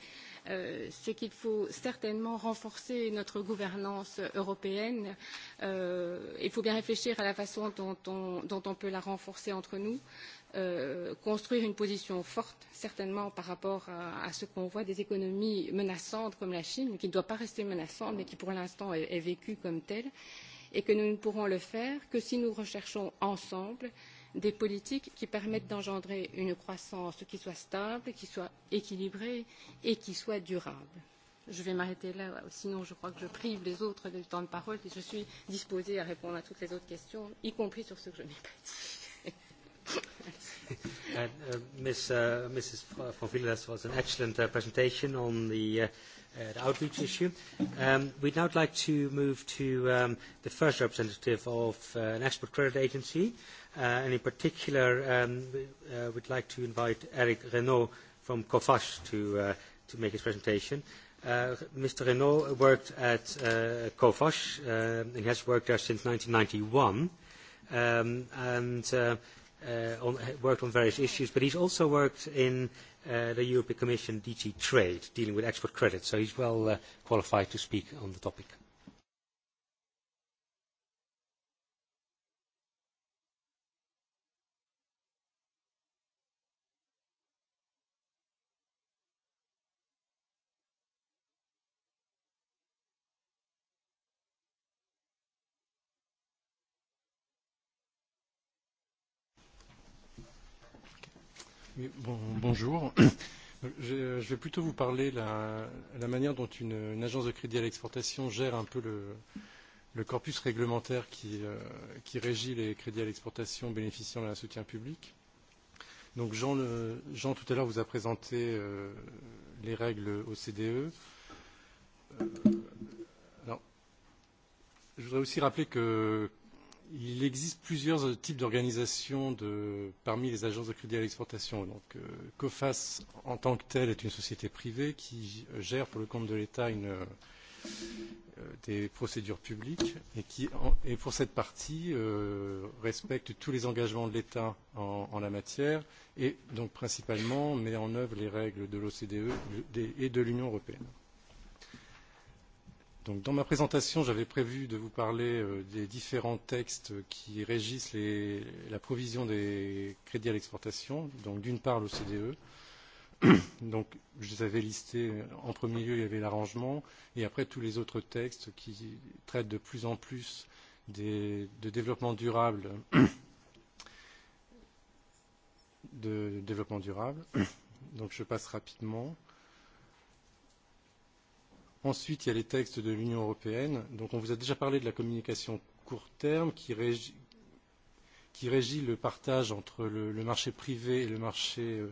Euh, c'est qu'il faut certainement renforcer notre gouvernance européenne. Euh, il faut bien réfléchir à la façon dont on, dont on peut la renforcer entre nous construire une position forte, certainement par rapport à, ce qu'on voit des économies menaçantes comme la Chine, qui ne doit pas rester menaçante, mais qui pour l'instant est, vécue comme telle, et que nous ne pourrons le faire que si nous recherchons ensemble des politiques qui permettent d'engendrer une croissance qui soit stable, qui soit équilibrée et qui soit durable. Je vais m'arrêter là, sinon je crois que je prive les autres du temps de parole et je suis disposée à répondre à toutes les autres questions, y compris sur ce que je n'ai pas dit. Mrs. von Villas was an excellent presentation on the outreach issue. We'd now like to move to the first representative of an export credit agency, and in particular, we'd like to invite Eric Renault from COFAS to make his presentation. Mr. Renault worked at Coface, and has worked there since 1991. And worked on various issues, but he's also worked in the European Commission DG Trade, dealing with export credit, so he's well qualified to speak on the topic. bonjour. Je vais plutôt vous parler de la manière dont une, agence de crédit à l'exportation gère un peu le, corpus réglementaire qui, régit les crédits à l'exportation bénéficiant d'un soutien public. Donc Jean, tout à l'heure vous a présenté les règles OCDE. je voudrais aussi rappeler que Il existe plusieurs types d'organisations parmi les agences de crédit à l'exportation. Donc, euh, COFAS, en tant que telle, est une société privée qui gère pour le compte de l'État une, des procédures publiques et qui, et pour cette partie, euh, respecte tous les engagements de l'État en, en la matière et donc principalement met en œuvre les règles de l'OCDE et de l'Union européenne dans ma présentation, j'avais prévu de vous parler des différents textes qui régissent la provision des crédits à l'exportation, donc d'une part l'OCDE. Donc, je les avais listés en premier lieu, il y avait l'arrangement, et après tous les autres textes qui traitent de plus en plus de développement durable, de développement durable. Donc, je passe rapidement. Euh, Ensuite, il y a les textes de l'Union européenne. Donc, on vous a déjà parlé de la communication court terme qui régit, qui régit le partage entre le, le marché privé et le marché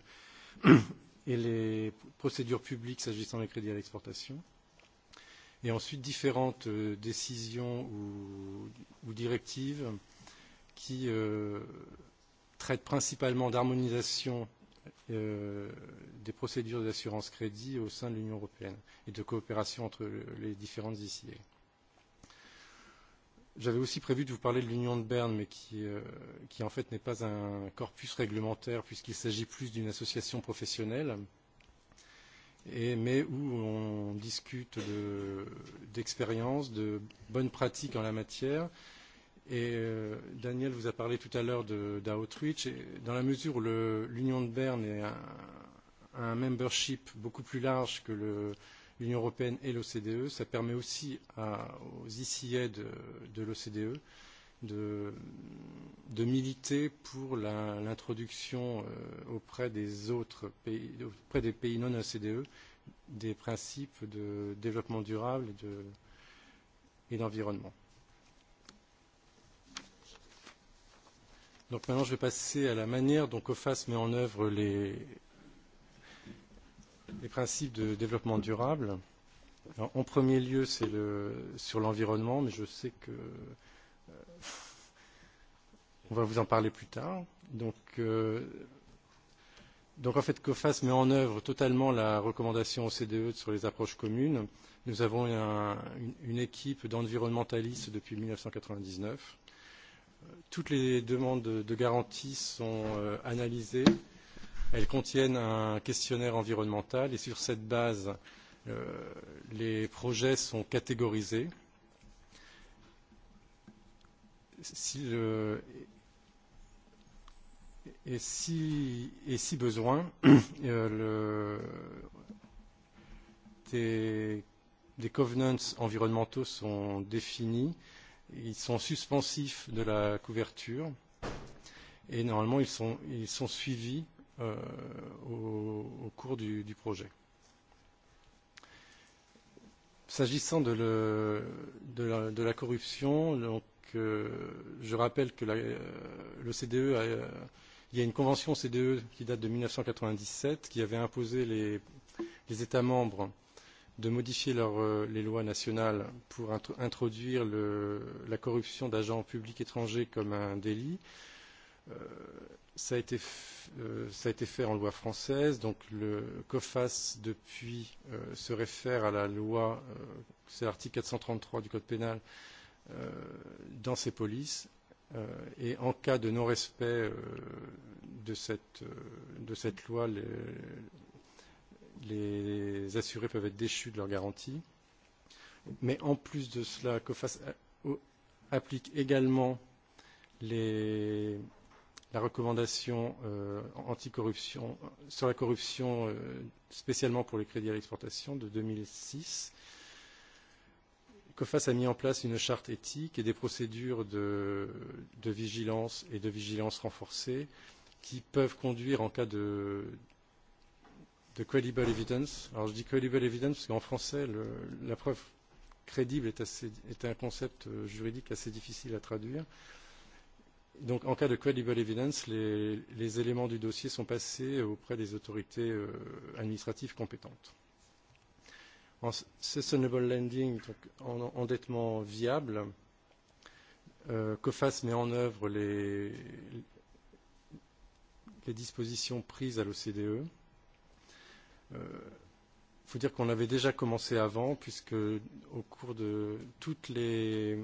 euh, et les procédures publiques s'agissant des crédits à l'exportation. Et ensuite, différentes euh, décisions ou, ou directives qui euh, traitent principalement d'harmonisation des procédures d'assurance crédit au sein de l'Union européenne et de coopération entre les différentes ICA. J'avais aussi prévu de vous parler de l'Union de Berne, mais qui, euh, qui en fait n'est pas un corpus réglementaire puisqu'il s'agit plus d'une association professionnelle, et, mais où on discute d'expériences, de, de bonnes pratiques en la matière, euh, Et Daniel vous a parlé tout à l'heure d'Outreach. Dans la mesure où l'Union de Berne est un, un membership beaucoup plus large que l'Union européenne et l'OCDE, ça permet aussi à, aux ICA de, de l'OCDE de, de militer pour l'introduction euh, auprès des autres pays, auprès des pays non OCDE, des principes de développement durable et d'environnement. De, Donc maintenant, je vais passer à la manière dont COFAS met en œuvre les, les principes de développement durable. Alors, en premier lieu, c'est le, sur l'environnement, mais je sais que euh, on va vous en parler plus tard. Donc, euh, donc en fait, COFAS met en œuvre totalement la recommandation OCDE sur les approches communes. Nous avons un, une, une équipe d'environnementalistes depuis 1999 toutes les demandes de garantie sont analysées. Elles contiennent un questionnaire environnemental et sur cette base, les projets sont catégorisés. et, si, besoin, des, covenants environnementaux sont définis ils sont suspensifs de la couverture et normalement ils sont, ils sont suivis euh, au, au cours du, du projet. S'agissant de, le, de, la, de la corruption, donc, euh, je rappelle que la, le CDE a, il y a une convention CDE qui date de 1997 qui avait imposé les, les États membres de modifier leur, les lois nationales pour introduire le, la corruption d'agents publics étrangers comme un délit. Euh, ça, a été euh, ça a été fait en loi française, donc le COFAS depuis euh, se réfère à la loi, euh, c'est l'article 433 du Code pénal, euh, dans ses polices. Euh, et en cas de non-respect euh, de, cette, euh, de cette loi, les, les assurés peuvent être déchus de leur garantie. Mais en plus de cela, COFAS applique également les, la recommandation euh, anticorruption sur la corruption euh, spécialement pour les crédits à l'exportation de 2006. COFAS a mis en place une charte éthique et des procédures de, de vigilance et de vigilance renforcée qui peuvent conduire en cas de, de credible evidence. Alors je dis credible evidence parce qu'en français, le, la preuve crédible est, assez, est un concept juridique assez difficile à traduire. Donc en cas de credible evidence, les, les éléments du dossier sont passés auprès des autorités euh, administratives compétentes. En sustainable lending, donc en endettement viable, euh, COFAS met en œuvre les, les dispositions prises à l'OCDE Il faut dire qu'on avait déjà commencé avant, puisque au cours de toutes les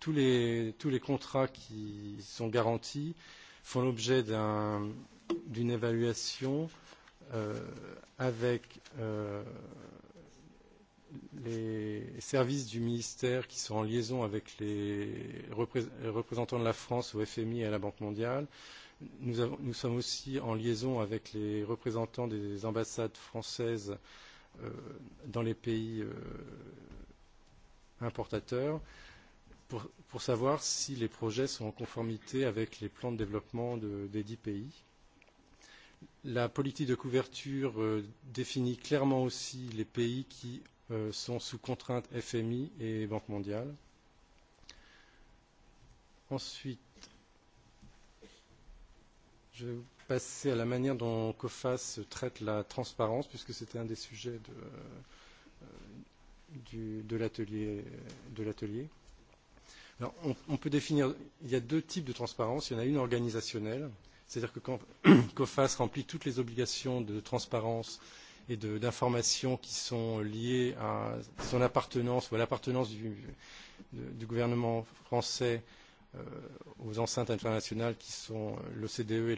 tous les tous les contrats qui sont garantis font l'objet d'un d'une évaluation euh, avec euh, les services du ministère qui sont en liaison avec les représentants de la France au FMI et à la Banque mondiale, euh, Nous, sommes aussi en liaison avec les représentants des ambassades françaises dans les pays importateurs pour, savoir si les projets sont en conformité avec les plans de développement des dix pays. La politique de couverture définit clairement aussi les pays qui sont sous contrainte FMI et Banque mondiale. Ensuite, Je vais passer à la manière dont COFAS traite la transparence, puisque c'était un des sujets de, de l'atelier. Alors, on, on peut définir, il y a deux types de transparence. Il y en a une organisationnelle, c'est-à-dire que quand COFAS remplit toutes les obligations de transparence et d'informations qui sont liées à son appartenance ou à l'appartenance du, du gouvernement français euh, aux enceintes internationales qui sont l'OCDE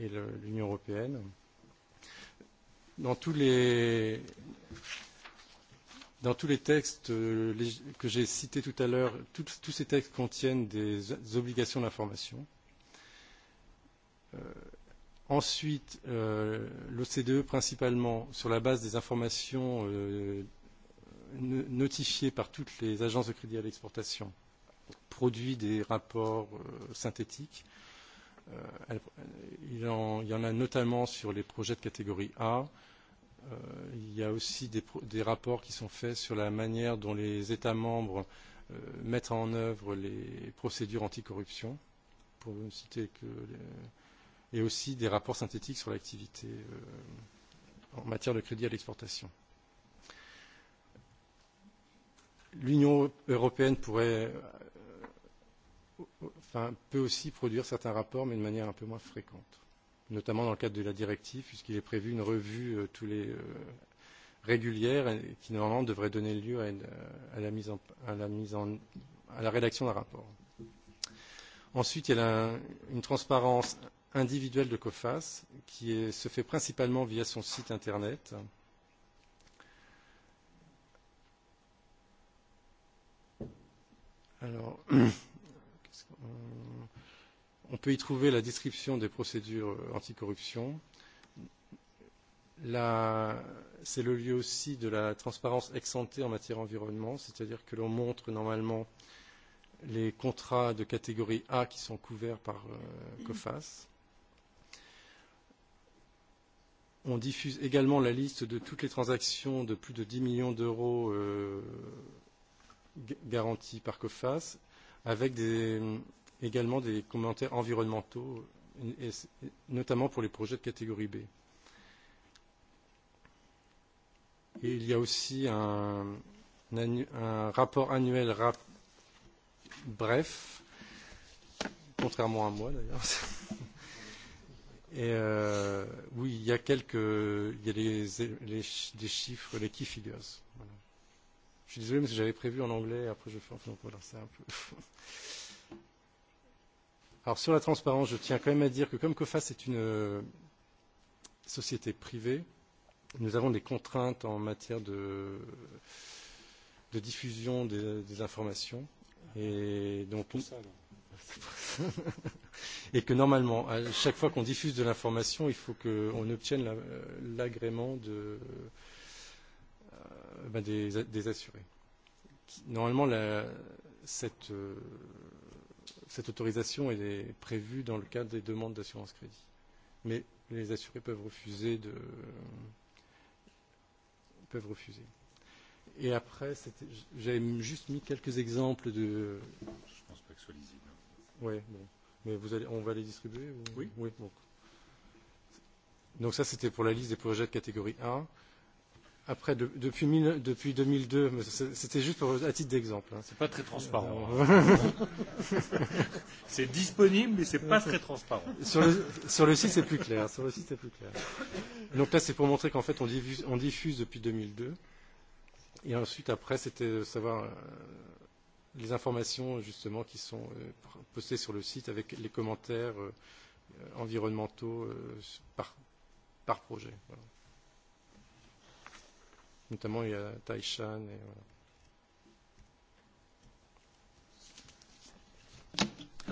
et l'Union européenne. Dans tous les, dans tous les textes que j'ai cités tout à l'heure, tous ces textes contiennent des obligations d'information. ensuite, l'OCDE, principalement sur la base des informations notifiées par toutes les agences de crédit à l'exportation, euh, produit des rapports synthétiques. il, en, il y en a notamment sur les projets de catégorie A. il y a aussi des, des rapports qui sont faits sur la manière dont les États membres mettent en œuvre les procédures anticorruption, pour ne citer que les, et aussi des rapports synthétiques sur l'activité en matière de crédit à l'exportation. L'Union européenne pourrait enfin, peut aussi produire certains rapports, mais de manière un peu moins fréquente, notamment dans le cadre de la directive, puisqu'il est prévu une revue euh, tous les, euh, régulière et qui normalement devrait donner lieu à, une, à, la, mise en, à, la, mise en, à la rédaction d'un rapport. Ensuite, il y a la, une transparence individuelle de COFAS qui est, se fait principalement via son site internet. Alors, On peut y trouver la description des procédures anticorruption. C'est le lieu aussi de la transparence ex ante en matière environnement, c'est-à-dire que l'on montre normalement les contrats de catégorie A qui sont couverts par COFAS. On diffuse également la liste de toutes les transactions de plus de 10 millions d'euros garanties par COFAS avec des, également des commentaires environnementaux, et, notamment pour les projets de catégorie B. Et il y a aussi un, un rapport annuel rap, bref, contrairement à moi d'ailleurs. Et euh, oui, il y a quelques, il y a les, les, les chiffres, les key figures. Voilà. Je suis désolé, mais j'avais prévu en anglais, après je fais, donc voilà, c'est un peu. Alors sur la transparence, je tiens quand même à dire que comme COFAS est une société privée, nous avons des contraintes en matière de, de diffusion des, des informations. Et donc, pour ça, et que normalement, à chaque fois qu'on diffuse de l'information, il faut qu'on obtienne l'agrément de, euh, ben des, des assurés. Normalement, la, cette, euh, cette autorisation elle est prévue dans le cadre des demandes d'assurance crédit. Mais les assurés peuvent refuser de peuvent refuser. Et après, j'avais juste mis quelques exemples de. Je pense pas que ce soit lisible. Oui, bon. Mais vous allez, on va les distribuer ou... Oui. oui bon. Donc ça, c'était pour la liste des projets de catégorie 1 après de, depuis, mille, depuis 2002, mais c'était juste pour, à titre d'exemple. Hein. C'est pas très transparent. c'est disponible, mais c'est pas très transparent. Sur le, sur le site, c'est plus clair. Sur le site, c'est plus clair. Donc là, c'est pour montrer qu'en fait, on diffuse, on diffuse depuis 2002. Et ensuite, après, c'était de savoir euh, les informations justement qui sont euh, postées sur le site avec les commentaires euh, environnementaux euh, par, par projet. Voilà. Notamment, il y a Taishan. Et voilà.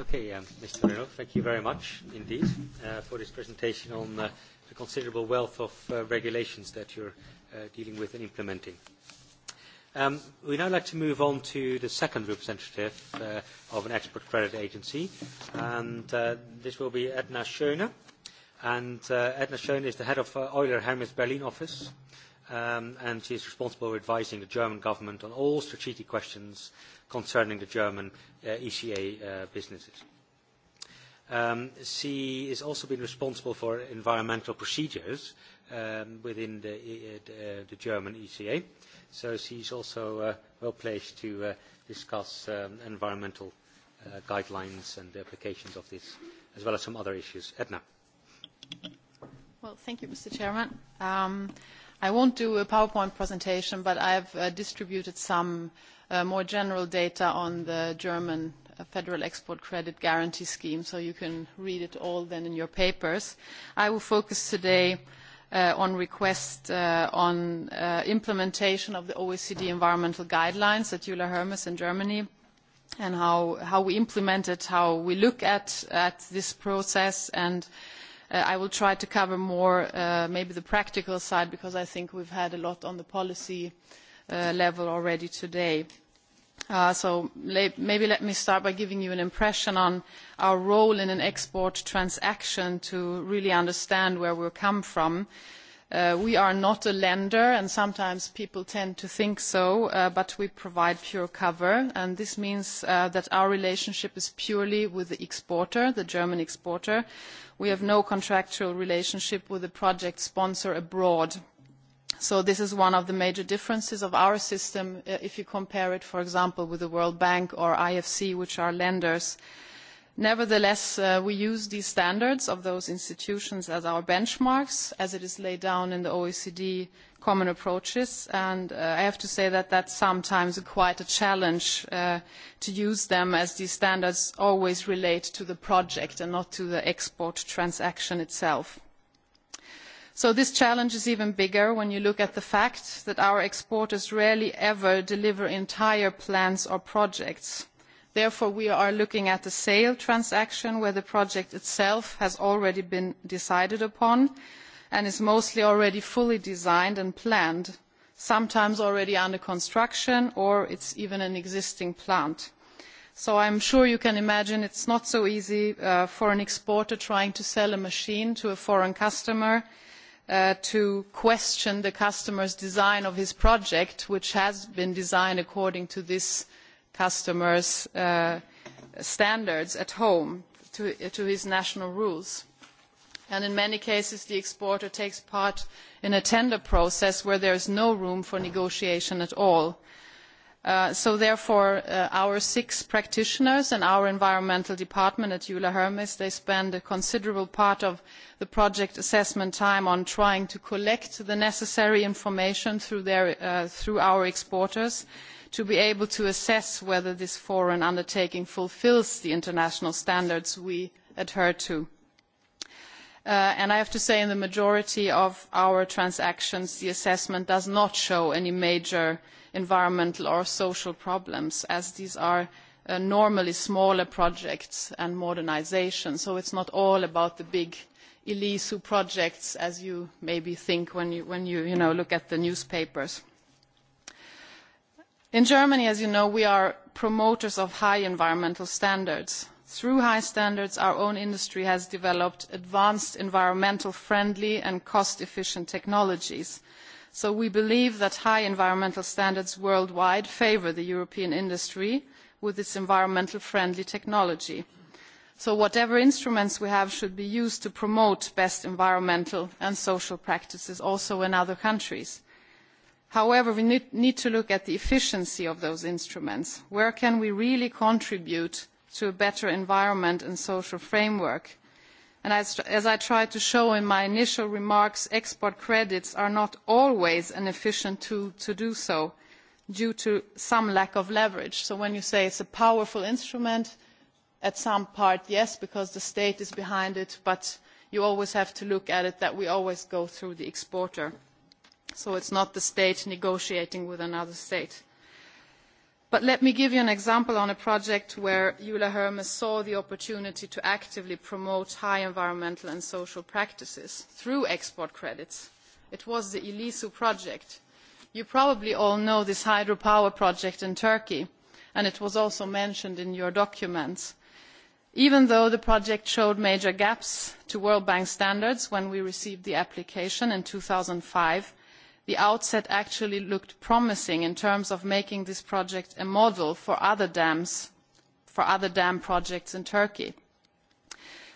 Okay, um, Mr. Renault, thank you very much indeed uh, for this presentation on uh, the considerable wealth of uh, regulations that you're uh, dealing with and implementing. Um, we'd now like to move on to the second representative uh, of an export credit agency, and uh, this will be Edna Schoene. And uh, Edna Schoene is the head of uh, Euler Hermes Berlin office. Uh, and she is responsible for advising the German government on all strategic questions concerning the German ECA businesses. she has also been responsible for environmental procedures within the, German ECA, so she is also well placed to discuss environmental guidelines and the applications of this, as well as some other issues. Edna. Well, thank you, Mr. Chairman. I won't do a PowerPoint presentation, but I have distributed some more general data on the German Federal Export Credit Guarantee Scheme, so you can read it all then in your papers. I will focus today on request on implementation of the OECD environmental guidelines at Euler Hermes in Germany and how we implement it, how we look at this process, and I will try to cover more maybe the practical side because I think we've had a lot on the policy level already today. So Maybe let me start by giving you an impression on our role in an export transaction to really understand where we come from we are not a lender, and sometimes people tend to think so, but we provide pure cover, and this means that our relationship is purely with the exporter, the German exporter. We have no contractual relationship with the project sponsor abroad. So this is one of the major differences of our system if you compare it, for example, with the World Bank or IFC, which are lenders. Nevertheless, we use these standards of those institutions as our benchmarks, as it is laid down in the OECD common approaches. And I have to say that that's sometimes quite a challenge to use them, as these standards always relate to the project and not to the export transaction itself. So this challenge is even bigger when you look at the fact that our exporters rarely ever deliver entire plans or projects Therefore, we are looking at a sale transaction where the project itself has already been decided upon and is mostly already fully designed and planned, sometimes already under construction, or it's even an existing plant. So I am sure you can imagine it's not so easy for an exporter trying to sell a machine to a foreign customer to question the customer's design of his project, which has been designed according to this customers' standards at home to his national rules. And in many cases, the exporter takes part in a tender process where there is no room for negotiation at all. so therefore, our six practitioners and our environmental department at Eula Hermes, they spend a considerable part of the project assessment time on trying to collect the necessary information through, our exporters uh, to be able to assess whether this foreign undertaking fulfils the international standards we adhere to. and I have to say in the majority of our transactions, the assessment does not show any major environmental or social problems, as these are normally smaller projects and modernisation. So it's not all about the big ELISU projects, as you maybe think when you, when you, you know, look at the newspapers in germany as you know we are promoters of high environmental standards. through high standards our own industry has developed advanced environmental friendly and cost efficient technologies so we believe that high environmental standards worldwide favour the european industry with its environmental friendly technology. so whatever instruments we have should be used to promote best environmental and social practices also in other countries However, we need to look at the efficiency of those instruments. Where can we really contribute to a better environment and social framework? As I tried to show in my initial remarks, export credits are not always an efficient tool to do so due to some lack of leverage. So when you say it is a powerful instrument, at some part, yes, because the state is behind it, but you always have to look at it that we always go through the exporter. So it's not the state negotiating with another state. But let me give you an example on a project where Eula Hermes saw the opportunity to actively promote high environmental and social practices through export credits. It was the ELISU project. You probably all know this hydropower project in Turkey, and it was also mentioned in your documents. Even though the project showed major gaps to World Bank standards when we received the application in two thousand five the outset actually looked promising in terms of making this project a model for other dams, for other dam projects in Turkey.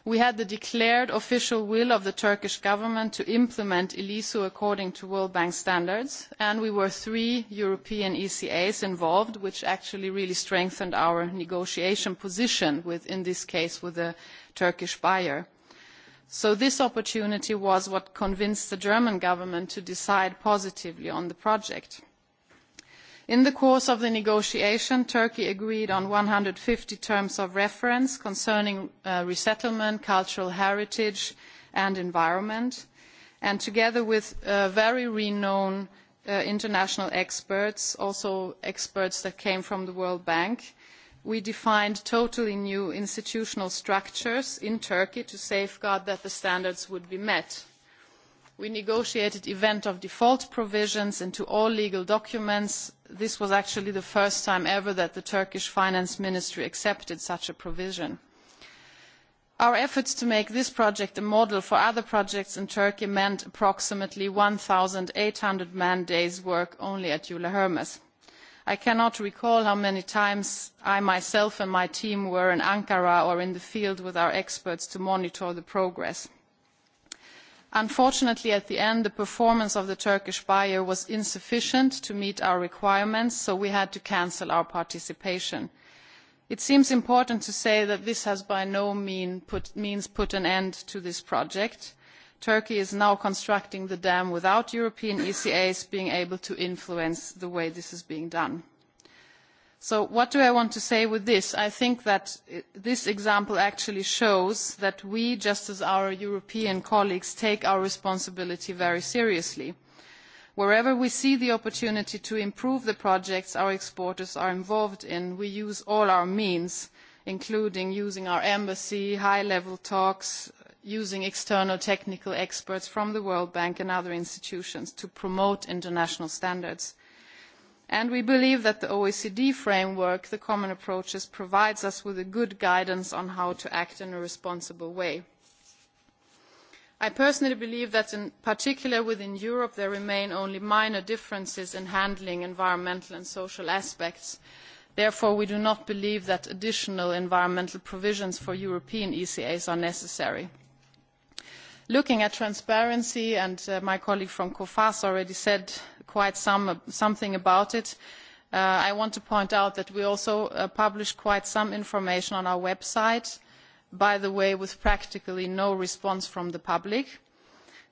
We had the declared official will of the Turkish government to implement ELISU according to World Bank standards, and we were three European ECAs involved, which actually really strengthened our negotiation position with, in this case, with the Turkish buyer So this opportunity was what convinced the German government to decide positively on the project. In the course of the negotiation, Turkey agreed on one hundred and fifty terms of reference concerning resettlement, cultural heritage and environment. And together with very renowned international experts, also experts that came from the World Bank, we defined totally new institutional structures in Turkey to safeguard that the standards would be met. We negotiated event of default provisions into all legal documents. This was actually the first time ever that the Turkish finance ministry accepted such a provision. Our efforts to make this project a model for other projects in Turkey meant approximately one eight hundred man days work only at Euler Hermes I cannot recall how many times I myself and my team were in Ankara or in the field with our experts to monitor the progress. Unfortunately, at the end, the performance of the Turkish buyer was insufficient to meet our requirements, so we had to cancel our participation. It seems important to say that this has by no means put an end to this project Turkey is now constructing the dam without European ECAs being able to influence the way this is being done. So what do I want to say with this? I think that this example actually shows that we, just as our European colleagues, take our responsibility very seriously. Wherever we see the opportunity to improve the projects our exporters are involved in, we use all our means, including using our embassy, high-level talks, using external technical experts from the World Bank and other institutions to promote international standards. And we believe that the OECD framework, the common approaches, provides us with a good guidance on how to act in a responsible way. I personally believe that in particular within Europe there remain only minor differences in handling environmental and social aspects. Therefore, we do not believe that additional environmental provisions for European ECAs are necessary Looking at transparency, and my colleague from COFAS already said quite something about it, I want to point out that we also publish quite some information on our website, by the way, with practically no response from the public.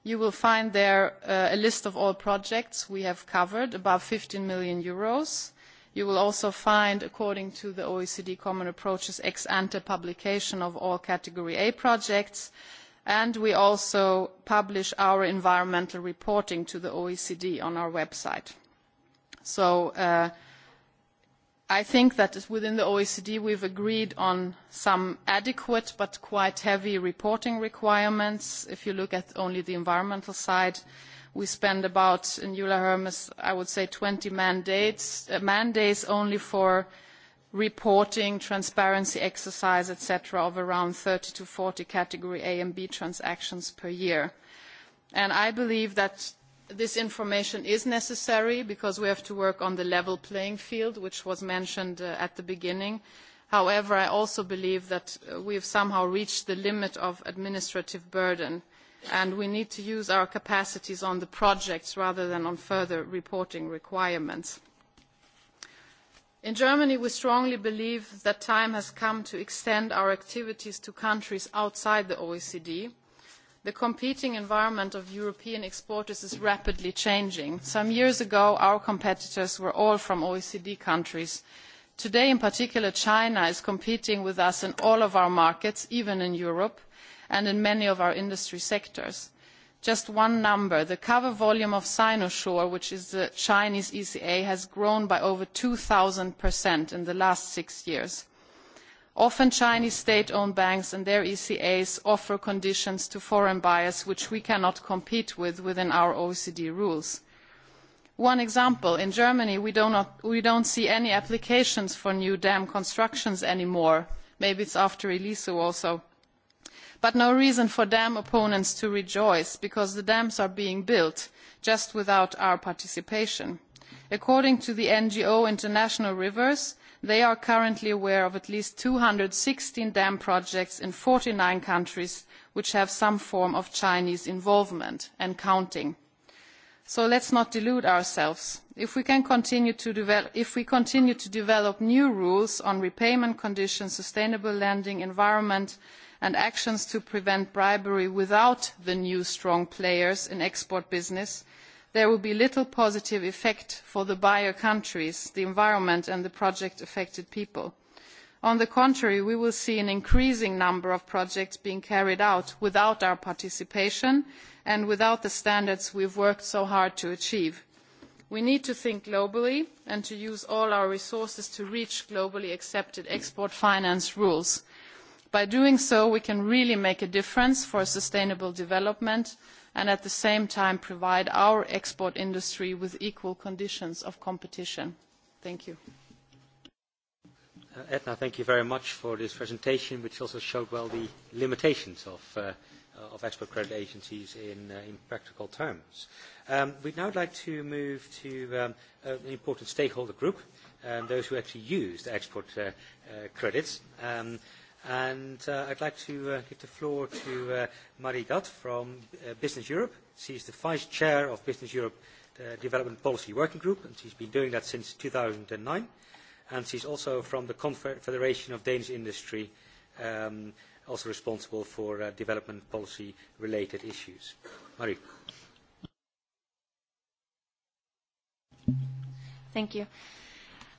You will find there a list of all projects we have covered, about 15 million euros. You will also find, according to the OECD Common Approaches, ex-ante publication of all Category A projects, and we also publish our environmental reporting to the OECD on our website. So I think that within the OECD we have agreed on some adequate but quite heavy reporting requirements. If you look at only the environmental side, we spend about, in Eula Hermes, I would say 20 mandates, mandates only for reporting, transparency exercise, cetera, of around thirty to forty category A and B transactions per year. I believe that this information is necessary because we have to work on the level playing field, which was mentioned at the beginning. However, I also believe that we have somehow reached the limit of administrative burden, and we need to use our capacities on the projects rather than on further reporting requirements. In Germany, we strongly believe that time has come to extend our activities to countries outside the OECD. The competing environment of European exporters is rapidly changing. Some years ago, our competitors were all from OECD countries. Today, in particular, China is competing with us in all of our markets, even in Europe, and in many of our industry sectors Just one number, the cover volume of Sinosure, which is the Chinese ECA, has grown by over 2,000% in the last six years. Often Chinese state-owned banks and their ECAs offer conditions to foreign buyers which we cannot compete with within our OECD rules. One example, in Germany, we do don't see any applications for new dam constructions anymore. Maybe it's after Eliso also but no reason for dam opponents to rejoice because the dams are being built just without our participation. according to the ngo international rivers they are currently aware of at least two hundred and sixteen dam projects in forty nine countries which have some form of chinese involvement and counting. so let us not delude ourselves. if we continue to develop new rules on repayment conditions sustainable lending environment and actions to prevent bribery without the new strong players in export business, there will be little positive effect for the buyer countries, the environment and the project-affected people. On the contrary, we will see an increasing number of projects being carried out without our participation and without the standards we have worked so hard to achieve. We need to think globally and to use all our resources to reach globally accepted export finance rules. By doing so, we can really make a difference for sustainable development and at the same time provide our export industry with equal conditions of competition. Thank you. Edna, thank you very much for this presentation, which also showed well the limitations of export credit agencies in practical terms. We'd now like to move to an important stakeholder group, those who actually use the export credits. And uh, I'd like to uh, give the floor to uh, Marie Gatt from uh, Business Europe. She's the Vice Chair of Business Europe uh, Development Policy Working Group, and she's been doing that since 2009. And she's also from the Confederation of Danish Industry, um, also responsible for uh, development policy-related issues. Marie. Thank you.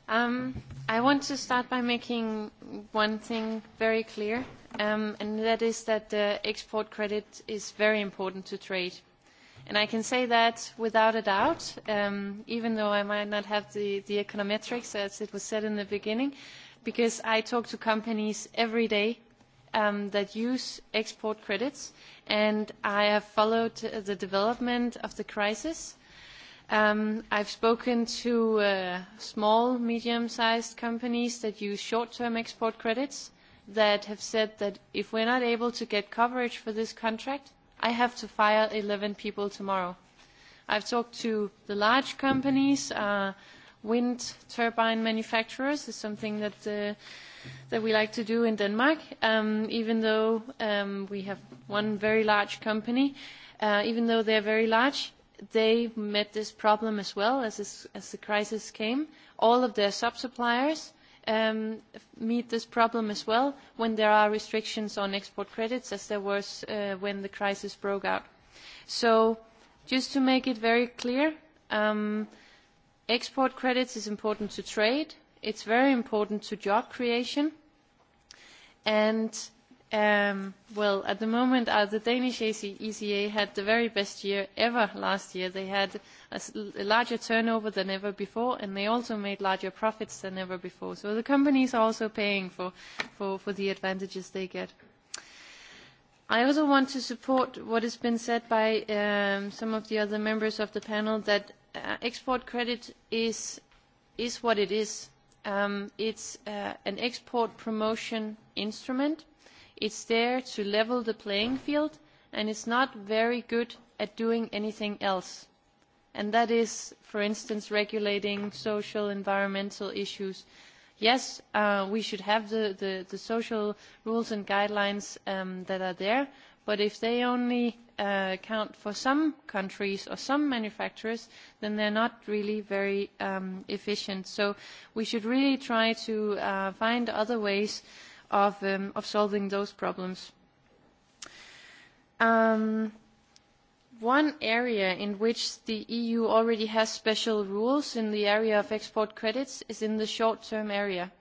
Um, I want to start by making one thing very clear, um, and that is that the export credit is very important to trade. And I can say that without a doubt, um, even though I might not have the, the econometrics as it was said in the beginning, because I talk to companies every day um, that use export credits, and I have followed the development of the crisis Um, I've spoken to uh, small, medium-sized companies that use short-term export credits that have said that if we're not able to get coverage for this contract, I have to fire 11 people tomorrow. I've talked to the large companies, uh, wind turbine manufacturers is something that uh, that we like to do in Denmark, um, even though um, we have one very large company. Uh, even though they're very large, they met this problem as well as, this, as the crisis came. All of their sub-suppliers um, meet this problem as well when there are restrictions on export credits as there was uh, when the crisis broke out. So just to make it very clear, um, export credits is important to trade. It's very important to job creation. And Um, well, at the moment, uh, the Danish ECA had the very best year ever last year. They had a, a larger turnover than ever before, and they also made larger profits than ever before. So the companies are also paying for, for, for the advantages they get. I also want to support what has been said by um, some of the other members of the panel that uh, export credit is, is what it is. Um, it's uh, an export promotion instrument – It's there to level the playing field, and it's not very good at doing anything else. And that is, for instance, regulating social, environmental issues. Yes, uh, we should have the, the, the social rules and guidelines um, that are there, but if they only uh, count for some countries or some manufacturers, then they're not really very um, efficient. So we should really try to uh, find other ways uh, of, um, of solving those problems. Um, one area in which the EU already has special rules in the area of export credits is in the short-term area.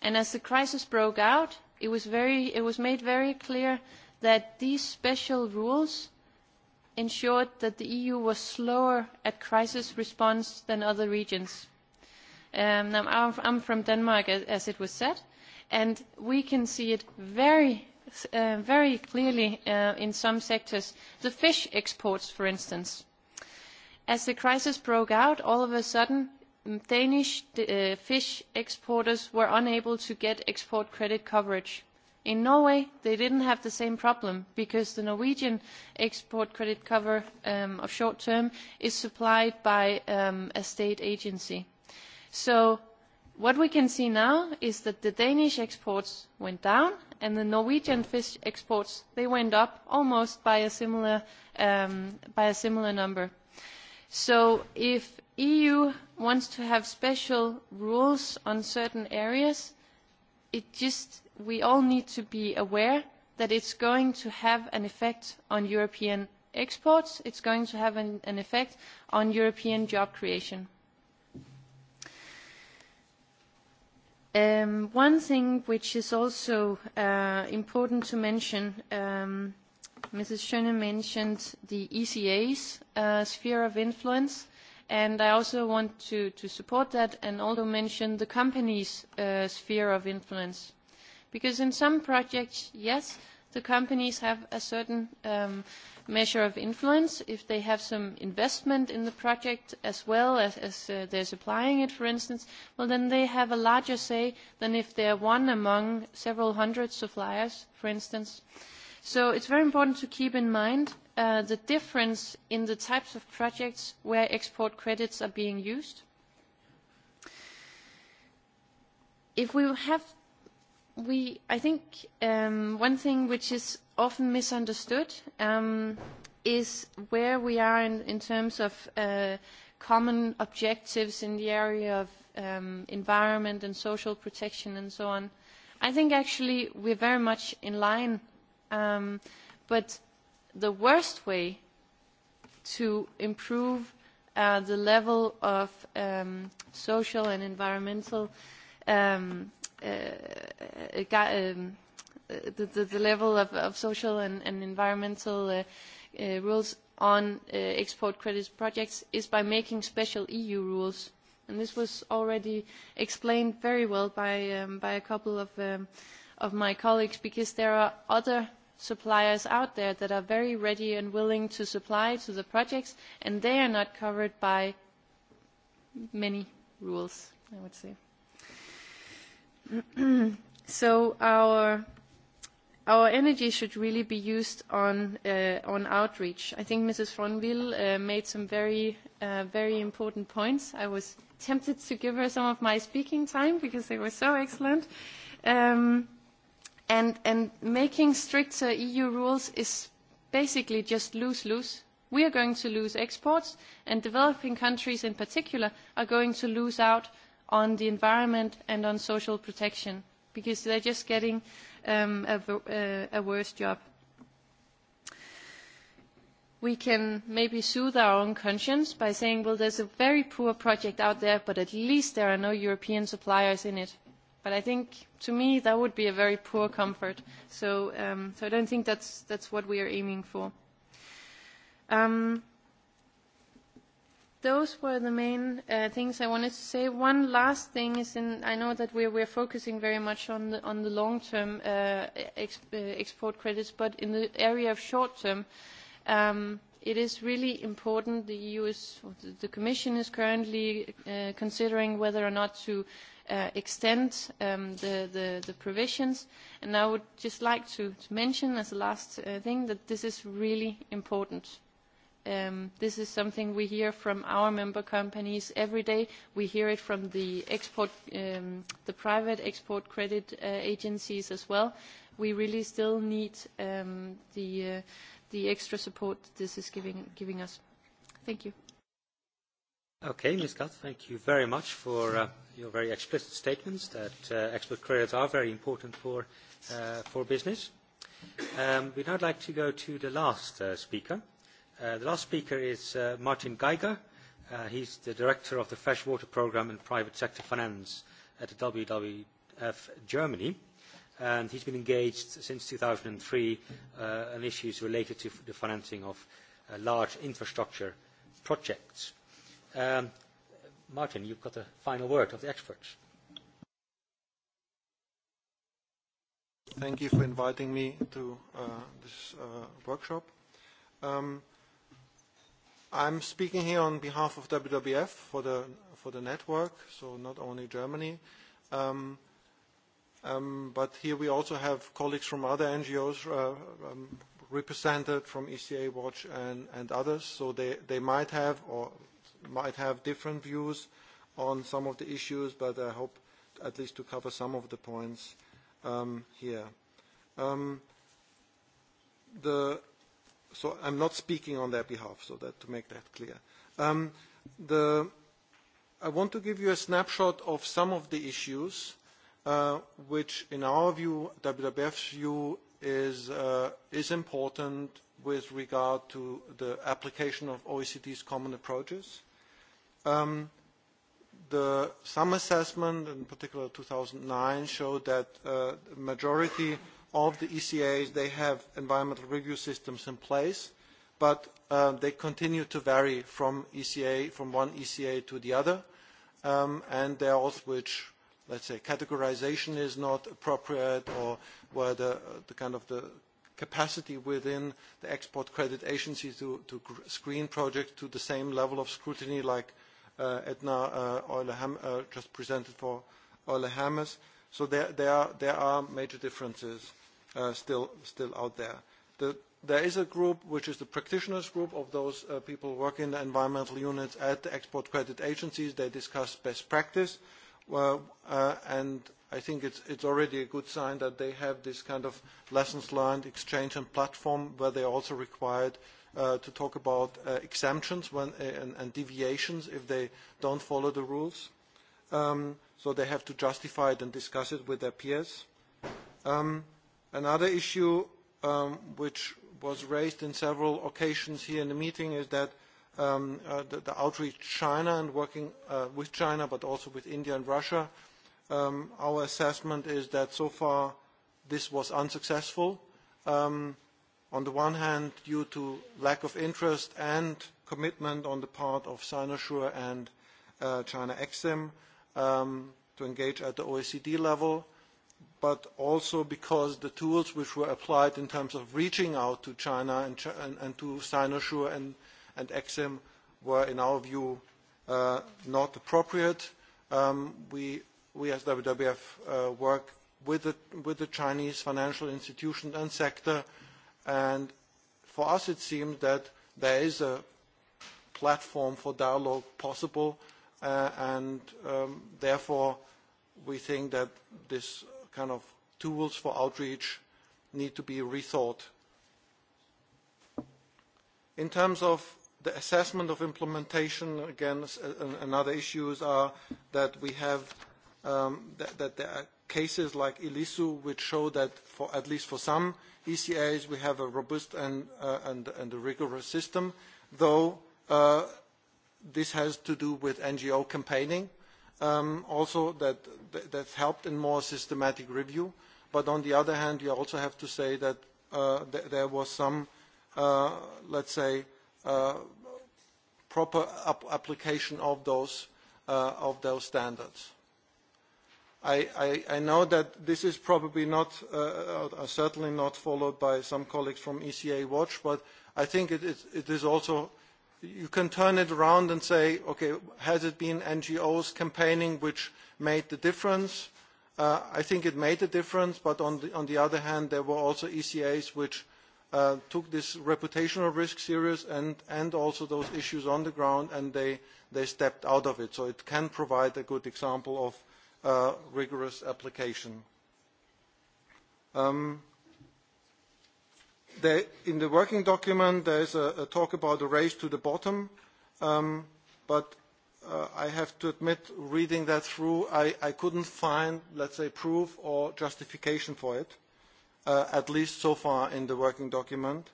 And as the crisis broke out, it was, very, it was made very clear that these special rules ensured that the EU was slower at crisis response than other regions. Um, now, I'm from Denmark, as it was said, and we can see it very very clearly in some sectors. The fish exports, for instance. As the crisis broke out, all of a sudden, Danish fish exporters were unable to get export credit coverage. In Norway, they didn't have the same problem because the Norwegian export credit cover of short term is supplied by a state agency. So What we can see now is that the Danish exports went down and the Norwegian fish exports, they went up almost by a similar, by a similar number. So if EU wants to have special rules on certain areas, it just, we all need to be aware that it's going to have an effect on European exports, it's going to have an effect on European job creation one thing which is also important to mention, um, Mrs. Schöne mentioned the ECA's sphere of influence, and I also want to, to support that and also mention the company's sphere of influence. Because in some projects, yes, uh, the companies have a certain measure of influence. If they have some investment in the project as well as, as uh, they're supplying it, for instance, well, then they have a larger say than if they're one among several hundred suppliers, for instance. So it's very important to keep in mind uh, the difference in the types of projects where export credits are being used. If we have we, I think um, one thing which is often misunderstood um, is where we are in, in terms of uh, common objectives in the area of um, environment and social protection and so on. I think actually we're very much in line, um, but the worst way to improve uh, the level of um, social and environmental um, uh the the, the level of, of social and, and environmental uh, uh, rules on uh, export credit projects is by making special EU rules. And this was already explained very well by, um, by a couple of, um, of my colleagues because there are other suppliers out there that are very ready and willing to supply to the projects and they are not covered by many rules, I would say so our our energy should really be used on uh, on outreach. I think Mrs. Fronville uh, made some very uh, very important points. I was tempted to give her some of my speaking time because they were so excellent. Um, and and making stricter EU rules is basically just lose lose. We are going to lose exports, and developing countries in particular are going to lose out on the environment and on social protection because they're just getting um, a, a worse job. We can maybe soothe our own conscience by saying, well, there's a very poor project out there, but at least there are no European suppliers in it. But I think, to me, that would be a very poor comfort. So, um, so I don't think that's, that's what we are aiming for. Um, those were the main uh, things I wanted to say. One last thing is, in, I know that we're, we're focusing very much on the, on the long-term uh, ex, uh, export credits, but in the area of short-term, um, it is really important. The EU is, the Commission is currently uh, considering whether or not to uh, extend um, the, the, the provisions. And I would just like to, to mention as a last uh, thing that this is really important This is something we hear from our member companies every day. We hear it from the private export credit agencies as well. We really still need the extra support this is giving us. Thank you. Okay, Ms. Gath, thank you very much for your very explicit statements that export credits are very important for business. We'd now like to go to the last speaker, the last speaker is Martin Geiger. Uh, he's the director of the Freshwater Programme and Private Sector Finance at the WWF Germany. And he's been engaged since two thousand and three on issues related to the financing of large infrastructure projects. Martin, you've got the final word of the experts. Thank you for inviting me to this workshop. Um, I'm speaking here on behalf of WWF for the, for the network, so not only Germany. Um, um, but here we also have colleagues from other NGOs uh, um, represented from ECA Watch and, and others, so they, they might have or might have different views on some of the issues, but I hope at least to cover some of the points um, here. Um, the so I'm not speaking on their behalf, so that to make that clear. Um, the, I want to give you a snapshot of some of the issues uh, which, in our view, WWF's view, is, uh, is important with regard to the application of OECD's common approaches. Um, the some assessment, in particular 2009, showed that uh, the majority – of the ECAs, they have environmental review systems in place, but they continue to vary from ECA, from one ECA to the other, and there are also which, let's say, categorization is not appropriate or where the, the kind of the capacity within the export credit agency to, to screen projects to the same level of scrutiny like uh, Edna uh, just presented for Euler Hammers. So there, there, are, there are major differences still still out there. There is a group which is the practitioners group of those people working in the environmental units at the export credit agencies. They discuss best practice. And I think it's already a good sign that they have this kind of lessons learned exchange and platform where they are also required to talk about exemptions and deviations if they don't follow the rules. So they have to justify it and discuss it with their peers. Um Another issue which was raised in several occasions here in the meeting is that the outreach China and working with China, but also with India and Russia. Our assessment is that so far this was unsuccessful. On the one hand, due to lack of interest and commitment on the part of Sinosure and China Exim to engage at the OECD level, but also because the tools which were applied in terms of reaching out to China and, and, and to Sinosure and, and Exim were, in our view, uh, not appropriate. Um, we, we as WWF uh, work with the, with the Chinese financial institution and sector, and for us it seems that there is a platform for dialogue possible, uh, and um, therefore we think that this kind of tools for outreach need to be rethought. In terms of the assessment of implementation, again, another issues are that we have that there are cases like Elisu which show that for at least for some ECAs, we have a robust and a rigorous system, though this has to do with NGO campaigning also that that helped in more systematic review. But on the other hand, you also have to say that there was some, let's say, proper application of those standards. I I know that this is probably not, certainly not followed by some colleagues from ECA Watch, but I think it is also you can turn it around and say, okay, has it been NGOs campaigning which made the difference? Uh, I think it made a difference, but on the, on the other hand, there were also ECAs which uh, took this reputational risk serious and, and also those issues on the ground, and they, they stepped out of it. So it can provide a good example of uh, rigorous application. Um, in the working document, there is a, talk about a race to the bottom, but I have to admit, reading that through, I, I couldn't find, let's say, proof or justification for it, at least so far in the working document.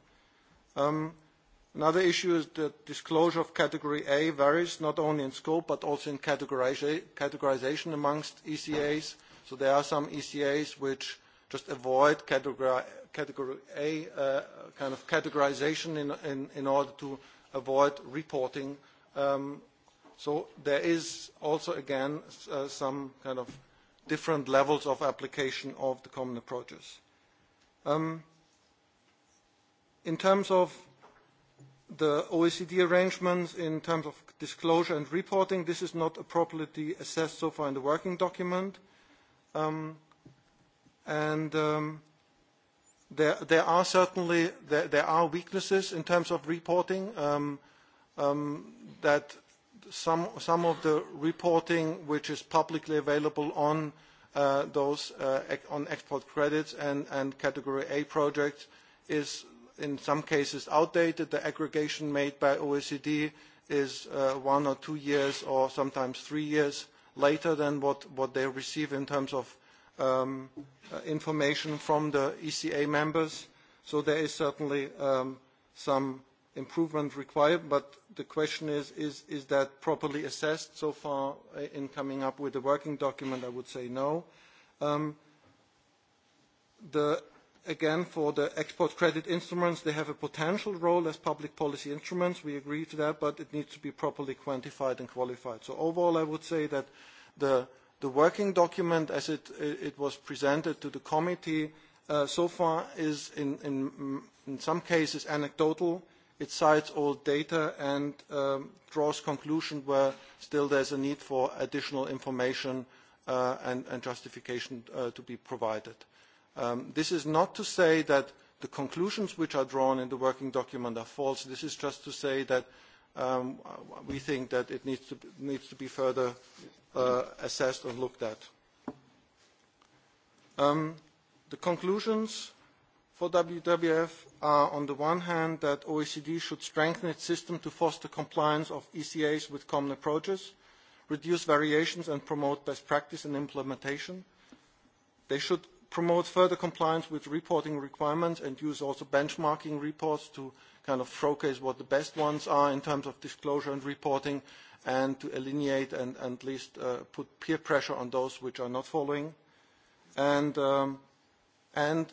another issue is that disclosure of Category A varies not only in scope but also in categorisation amongst ECAs. So there are some ECAs which just avoid Category category A uh, kind of categorization in, in, in order to avoid reporting. Um, so there is also, again, uh, some kind of different levels of application of the common approaches. Um, in terms of the OECD arrangements in terms of disclosure and reporting, this is not appropriately assessed so far in the working document. Um, and um, There, there are certainly there, there are weaknesses in terms of reporting. Um, um, that some some of the reporting which is publicly available on uh, those uh, on export credits and and category A projects is in some cases outdated. The aggregation made by OECD is uh, one or two years or sometimes three years later than what, what they receive in terms of information from the ECA members. So there is certainly some improvement required, but the question is, is that properly assessed so far in coming up with a working document? I would say no. Again, for the export credit instruments, they have a potential role as public policy instruments. We agree to that, but it needs to be properly quantified and qualified. So Overall, I would say that the The working document, as it, it was presented to the committee uh, so far, is in, in, in some cases anecdotal. It cites old data and um, draws conclusions where still there's a need for additional information uh, and, and justification uh, to be provided. Um, this is not to say that the conclusions which are drawn in the working document are false. This is just to say that we think that it needs to be further assessed and looked at. The conclusions for WWF are, on the one hand, that OECD should strengthen its system to foster compliance of ECAs with common approaches, reduce variations, and promote best practice and implementation. They should promote further compliance with reporting requirements and use also benchmarking reports to kind of showcase what the best ones are in terms of disclosure and reporting and to alienate and at least uh, put peer pressure on those which are not following. And, um, and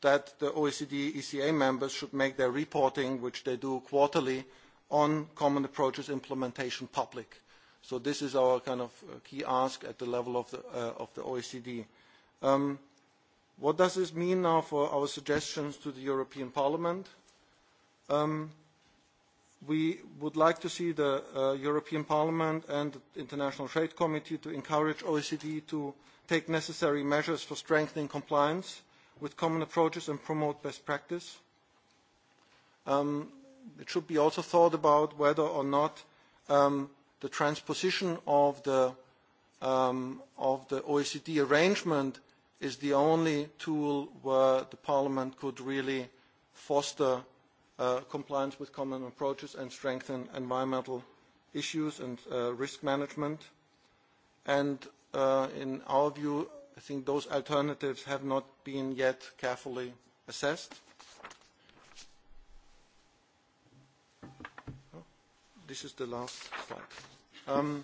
that the OECD ECA members should make their reporting, which they do quarterly, on common approaches implementation public. So this is our kind of key ask at the level of the, uh, of the OECD. Um, what does this mean now for our suggestions to the European Parliament? Um, we would like to see the uh, European Parliament and the International Trade Committee to encourage OECD to take necessary measures for strengthening compliance with common approaches and promote best practice. Um, it should be also thought about whether or not um, the transposition of the, um, of the OECD arrangement is the only tool where the Parliament could really foster compliance with common approaches, and strengthen environmental issues and risk management. And in our view, I think those alternatives have not been yet carefully assessed. This is the last slide.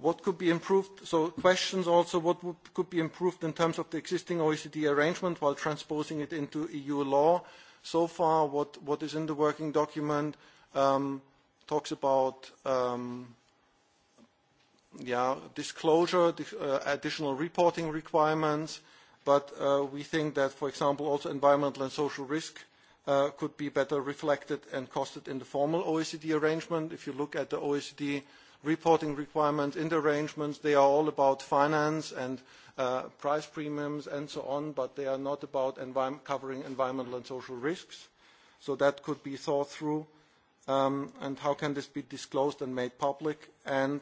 What could be improved? So questions also, what could be improved in terms of the existing OECD arrangement while transposing it into EU law? So far, what, what is in the working document um, talks about um, yeah, disclosure, uh, additional reporting requirements, but uh, we think that, for example, also environmental and social risk uh, could be better reflected and costed in the formal OECD arrangement. If you look at the OECD reporting requirements in the arrangements. They are all about finance and price premiums and so on, but they are not about covering environmental and social risks. So that could be thought through. And how can this be disclosed and made public? And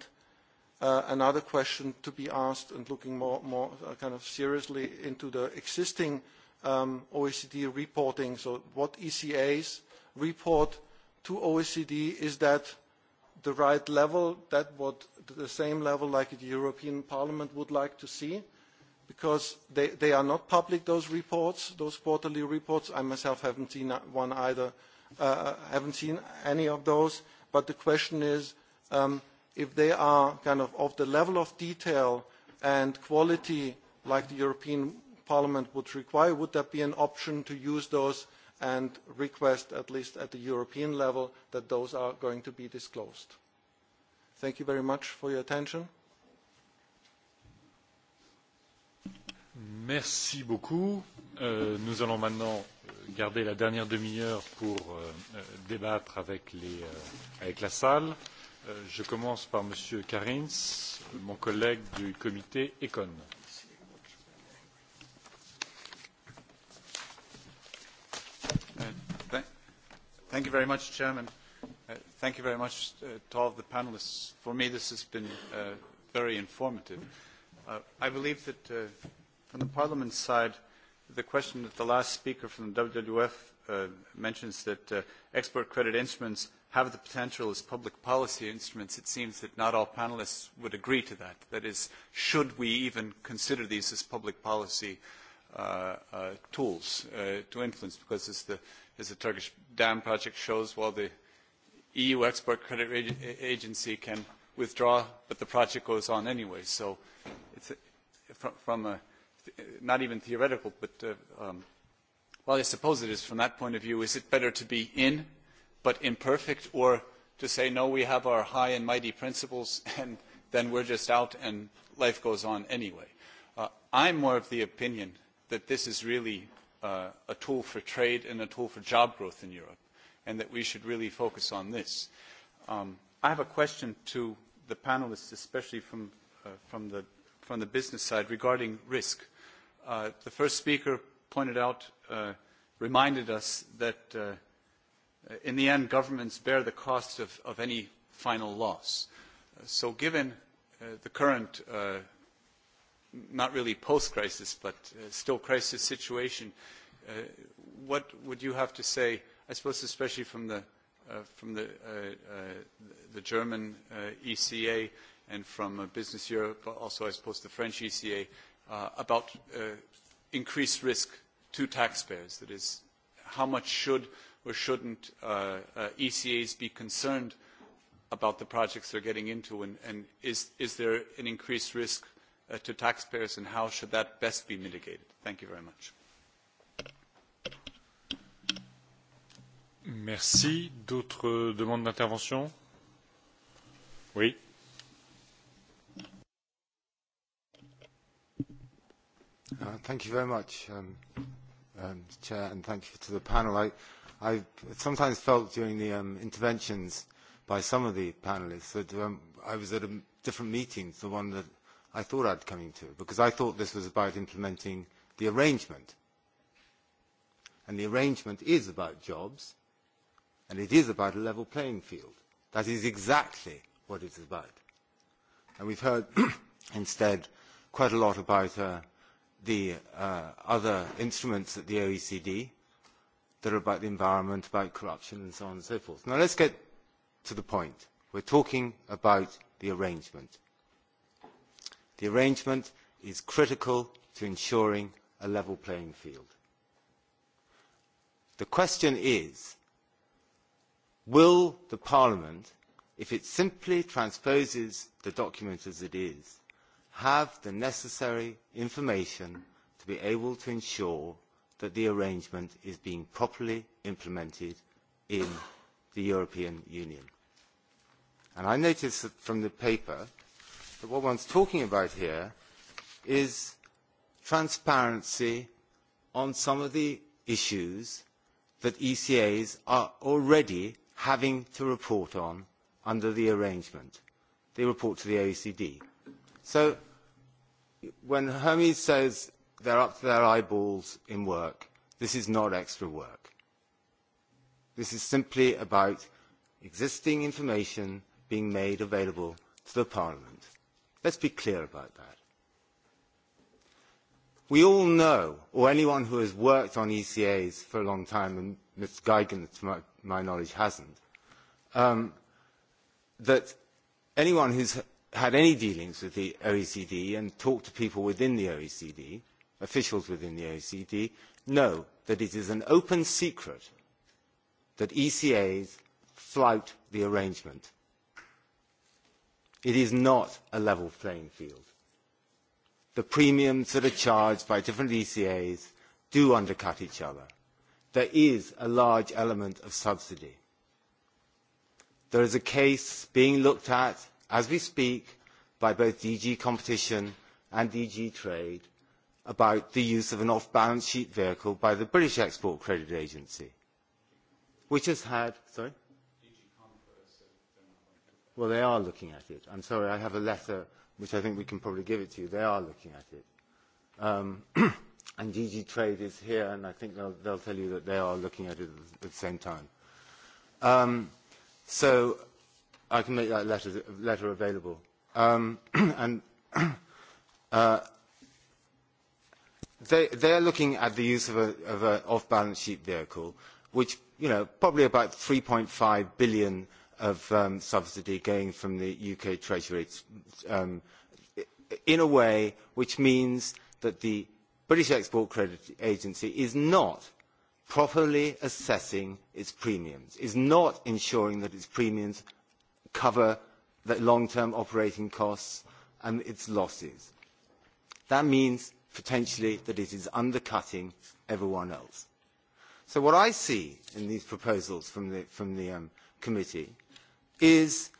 another question to be asked and looking more more kind of seriously into the existing OECD reporting. So what ECAs report to OECD is that the right level, that what the same level like the European Parliament would like to see, because they, they are not public, those reports, those quarterly reports. I myself haven't seen one either, uh, haven't seen any of those. But the question is, um, if they are kind of of the level of detail and quality like the European Parliament would require, would that be an option to use those and request, at least at the European level, that those are going to be disclosed. Thank you very much for your attention. Merci beaucoup. nous allons maintenant garder la dernière demi-heure pour débattre avec, la salle. je commence par M. Karins, mon collègue du comité ECON. Thank you very much, Chairman. Uh, thank you very much uh, to all of the panelists. For me, this has been uh, very informative. Uh, I believe that uh, from the Parliament's side, the question that the last speaker from the WWF uh, mentions that uh, export credit instruments have the potential as public policy instruments, it seems that not all panelists would agree to that. That is, should we even consider these as public policy uh, uh, uh, tools uh, to influence because as the, as the Turkish dam project shows, while the EU Export Credit Agency can withdraw, but the project goes on anyway. So it's a, from, from a, not even theoretical, but uh, um, well, I suppose it is from that point of view, is it better to be in but imperfect or to say, no, we have our high and mighty principles and then we're just out and life goes on anyway? Uh, I'm more of the opinion that this is really a tool for trade and a tool for job growth in Europe, and that we should really focus on this. Um, I have a question to the panelists, especially from, uh, from, the, from the business side, regarding risk. Uh, the first speaker pointed out, uh, reminded us that uh, in the end, governments bear the cost of, of any final loss. So given uh, the current uh, not really post-crisis, but uh, still crisis situation, uh, what would you have to say, I suppose especially from the, uh, from the, uh, uh, the German uh, ECA and from uh, Business Europe, but also I suppose the French ECA, uh, about uh, increased risk to taxpayers? That is, how much should or shouldn't uh, uh, ECAs be concerned about the projects they're getting into, and, and is, is there an increased risk to taxpayers and how should that best be mitigated? Thank you very much. Merci. D'autres demandes d'intervention Oui. Uh, Thank you very much, um, um, Chair, and thank you to the panel. I I sometimes felt during the um, interventions by some of the panelists that um, I was at a different meeting to the one that I thought I'd come into, because I thought this was about implementing the arrangement. And the arrangement is about jobs, and it is about a level playing field. That is exactly what it's about. And we've heard instead quite a lot about uh, the uh, other instruments at the OECD that are about the environment, about corruption, and so on and so forth. Now let's get to the point. We're talking about the arrangement. The arrangement is critical to ensuring a level playing field. The question is, will the Parliament, if it simply transposes the document as it is, have the necessary information to be able to ensure that the arrangement is being properly implemented in the European Union. And I notice from the paper that what one's talking about here is transparency on some of the issues that ECAs are already having to report on under the arrangement. They report to the OECD. So when Hermes says they're up to their eyeballs in work, this is not extra work. This is simply about existing information being made available to the Parliament. Let's be clear about that. We all know, or anyone who has worked on ECAs for a long time, and Ms. Geigen, to my, my knowledge, hasn't, um, that anyone who's had any dealings with the OECD and talked to people within the OECD, officials within the OECD, know that it is an open secret that ECAs flout the arrangement It is not a level playing field. The premiums that are charged by different ECAs do undercut each other. There is a large element of subsidy. There is a case being looked at as we speak by both DG Competition and DG Trade about the use of an off-balance sheet vehicle by the British Export Credit Agency, which has had... Sorry? Well, they are looking at it. I'm sorry, I have a letter which I think we can probably give it to you. They are looking at it. Um, and DG Trade is here, and I think they'll, they'll tell you that they are looking at it at the same time. Um, so I can make that letter, letter available. Um, and uh, they, are looking at the use of an of a off-balance sheet vehicle, which, you know, probably about 3.5 billion of subsidy going from the UK Treasury um, in a way which means that the British Export Credit Agency is not properly assessing its premiums, is not ensuring that its premiums cover the long-term operating costs and its losses. That means potentially that it is undercutting everyone else. So what I see in these proposals from the, from the um, committee is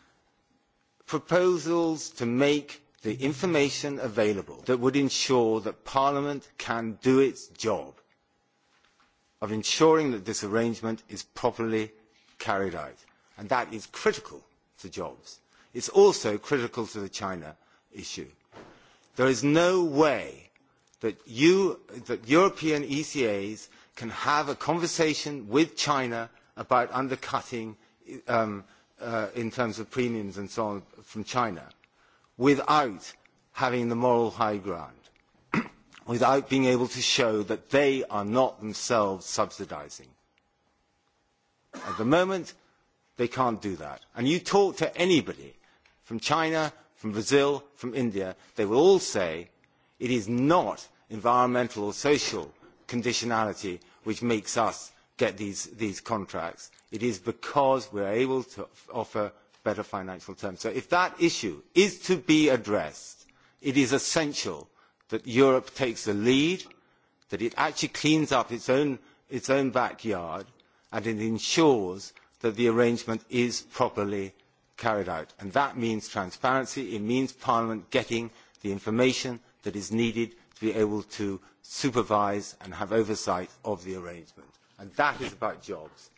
proposals to make the information available that would ensure that Parliament can do its job of ensuring that this arrangement is properly carried out. And that is critical to jobs. It is also critical to the China issue. There is no way that, European ECAs can have a conversation with China about undercutting in terms of premiums and so on from China without having the moral high ground, without being able to show that they are not themselves subsidising. At the moment, they can't do that. And you talk to anybody from China, from Brazil, from India, they will all say it is not environmental or social conditionality which makes us get these, these contracts It is because we are able to offer better financial terms. So if that issue is to be addressed, it is essential that Europe takes the lead, that it actually cleans up its own, its own backyard, and it ensures that the arrangement is properly carried out. And that means transparency. It means Parliament getting the information that is needed to be able to supervise and have oversight of the arrangement. And that is about jobs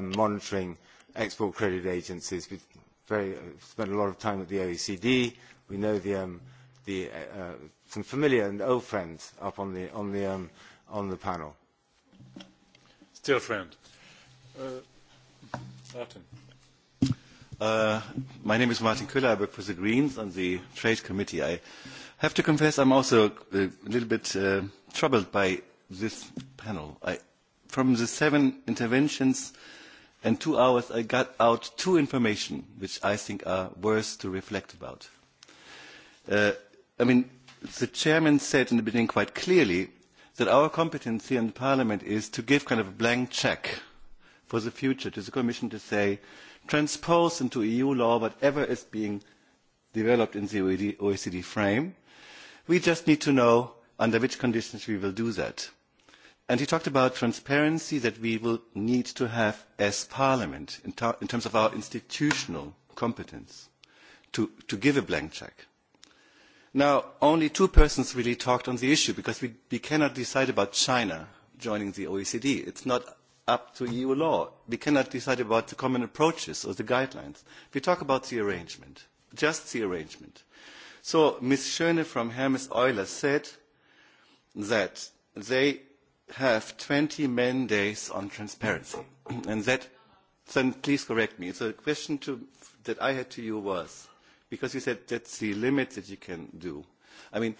monitoring export credit agencies. We've very, uh, spent a lot of time with the OECD. We know the, um, the, uh, some familiar and old friends up on the, on the, um, on the panel. Still friend. Uh, Martin. Uh, my name is Martin Köhler. I work for the Greens on the Trade Committee. I have to confess I'm also a little bit uh, troubled by this panel. I, from the seven interventions and two hours, I got out two information which I think are worth to reflect about. Uh, I mean, the chairman said in the beginning quite clearly that our competence here in Parliament is to give kind of a blank check for the future to the Commission to say, transpose into EU law whatever is being developed in the OECD frame, We just need to know under which conditions we will do that. And he talked about transparency that we will need to have as Parliament in, in terms of our institutional competence to, to give a blank check. Now, only two persons really talked on the issue because we, we cannot decide about China joining the OECD. It's not up to EU law. We cannot decide about the common approaches or the guidelines. We talk about the arrangement, just the arrangement. So Ms. Schöne from Hermes Euler said that they have 20 man days on transparency. and that, then please correct me. So the question to, that I had to you was, because you said that's the limit that you can do. I mean,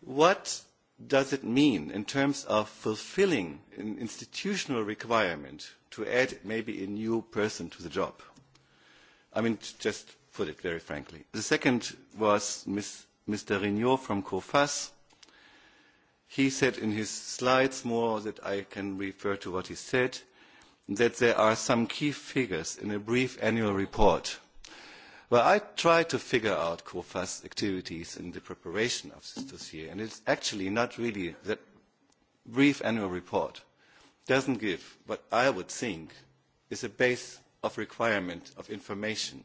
what does it mean in terms of fulfilling an institutional requirement to add maybe a new person to the job? I mean, just put it very frankly. The second was Ms. Mr. Rignot from COFAS. He said in his slides more that I can refer to what he said, that there are some key figures in a brief annual report. Well, I tried to figure out COFAS activities in the preparation of this dossier, and it's actually not really that brief annual report doesn't give what I would think is a base of requirement of information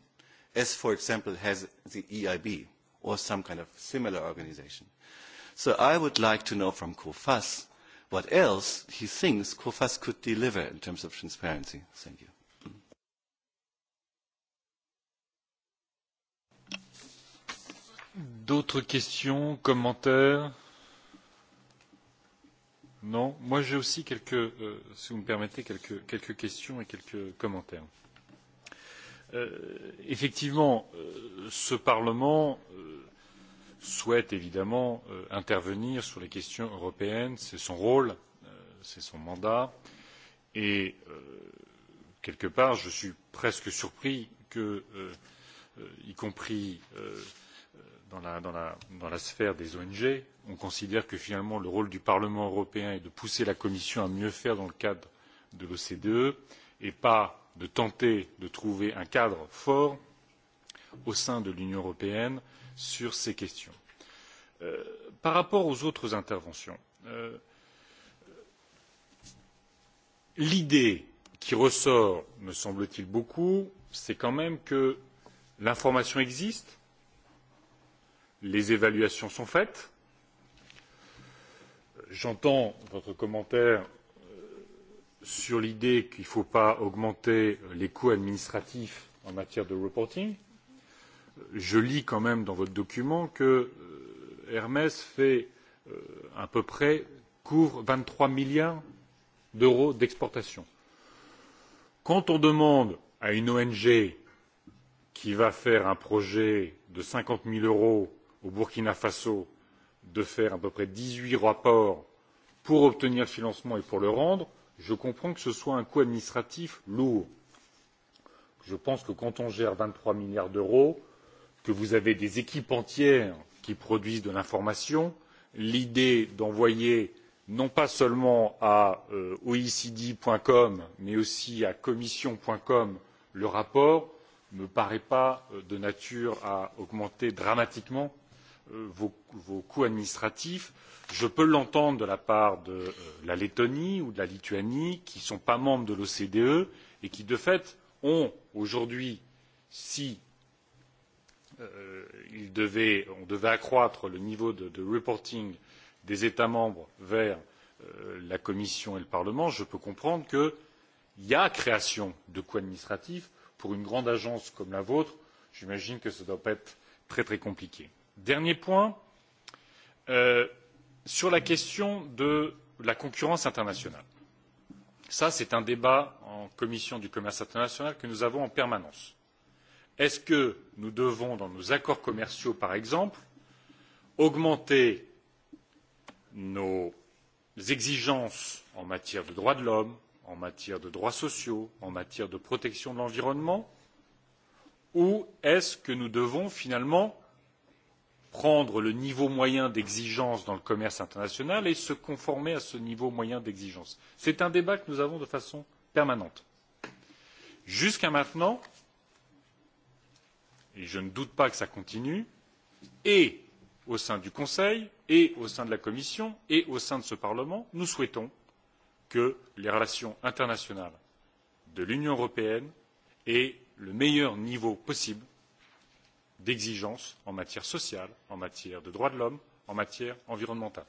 as, for example, has the EIB or some kind of similar organization. So I would like to know from COFAS what else he thinks COFAS could deliver in terms of transparency. Thank you. D'autres questions, commentaires Non Moi j'ai aussi quelques, euh, si vous me permettez, quelques, quelques questions et quelques commentaires. Euh, effectivement ce parlement souhaite évidemment intervenir sur les questions européennes c'est son rôle c'est son mandat et quelque part je suis presque surpris que y compris dans la sphère des ong on considère que finalement le rôle du parlement européen est de pousser la commission à mieux faire dans le cadre de l'ocde et pas de tenter de trouver un cadre fort au sein de l'union européenne sur ces questions. par rapport aux autres interventions l'idée qui ressort me semble t il beaucoup c'est quand même que l'information existe les évaluations sont faites j'entends votre commentaire sur l'idée qu'il ne faut pas augmenter les coûts administratifs en matière de reporting. Je lis quand même dans votre document que Hermès fait à peu près couvre vingt trois milliards d'euros d'exportations. Quand on demande à une ONG qui va faire un projet de cinquante 000 euros au Burkina Faso de faire à peu près dix huit rapports pour obtenir le financement et pour le rendre, je comprends que ce soit un coût administratif lourd. je pense que quand on gère vingt trois milliards d'euros que vous avez des équipes entières qui produisent de l'information l'idée d'envoyer non pas seulement à oecd com mais aussi à commission com le rapport ne me paraît pas de nature à augmenter dramatiquement vos, coûts administratifs. Je peux l'entendre de la part de la Lettonie ou de la Lituanie, qui ne sont pas membres de l'OCDE et qui, de fait, ont aujourd'hui, si on devait accroître le niveau de, reporting des États membres vers la Commission et le Parlement, je peux comprendre qu'il y a création de coûts administratifs. Pour une grande agence comme la vôtre, j'imagine que cela ne doit pas être très très compliqué dernier point sur la question de la concurrence internationale c'est un débat en commission du commerce international que nous avons en permanence. est ce que nous devons dans nos accords commerciaux par exemple augmenter nos exigences en matière de droits de l'homme en matière de droits sociaux en matière de protection de l'environnement ou est ce que nous devons finalement prendre le niveau moyen d'exigence dans le commerce international et se conformer à ce niveau moyen d'exigence. C'est un débat que nous avons de façon permanente. Jusqu'à maintenant, et je ne doute pas que cela continue, et au sein du Conseil, et au sein de la Commission, et au sein de ce Parlement, nous souhaitons que les relations internationales de l'Union européenne aient le meilleur niveau possible d'exigences en matière sociale, en matière de droits de l'homme, en matière environnementale.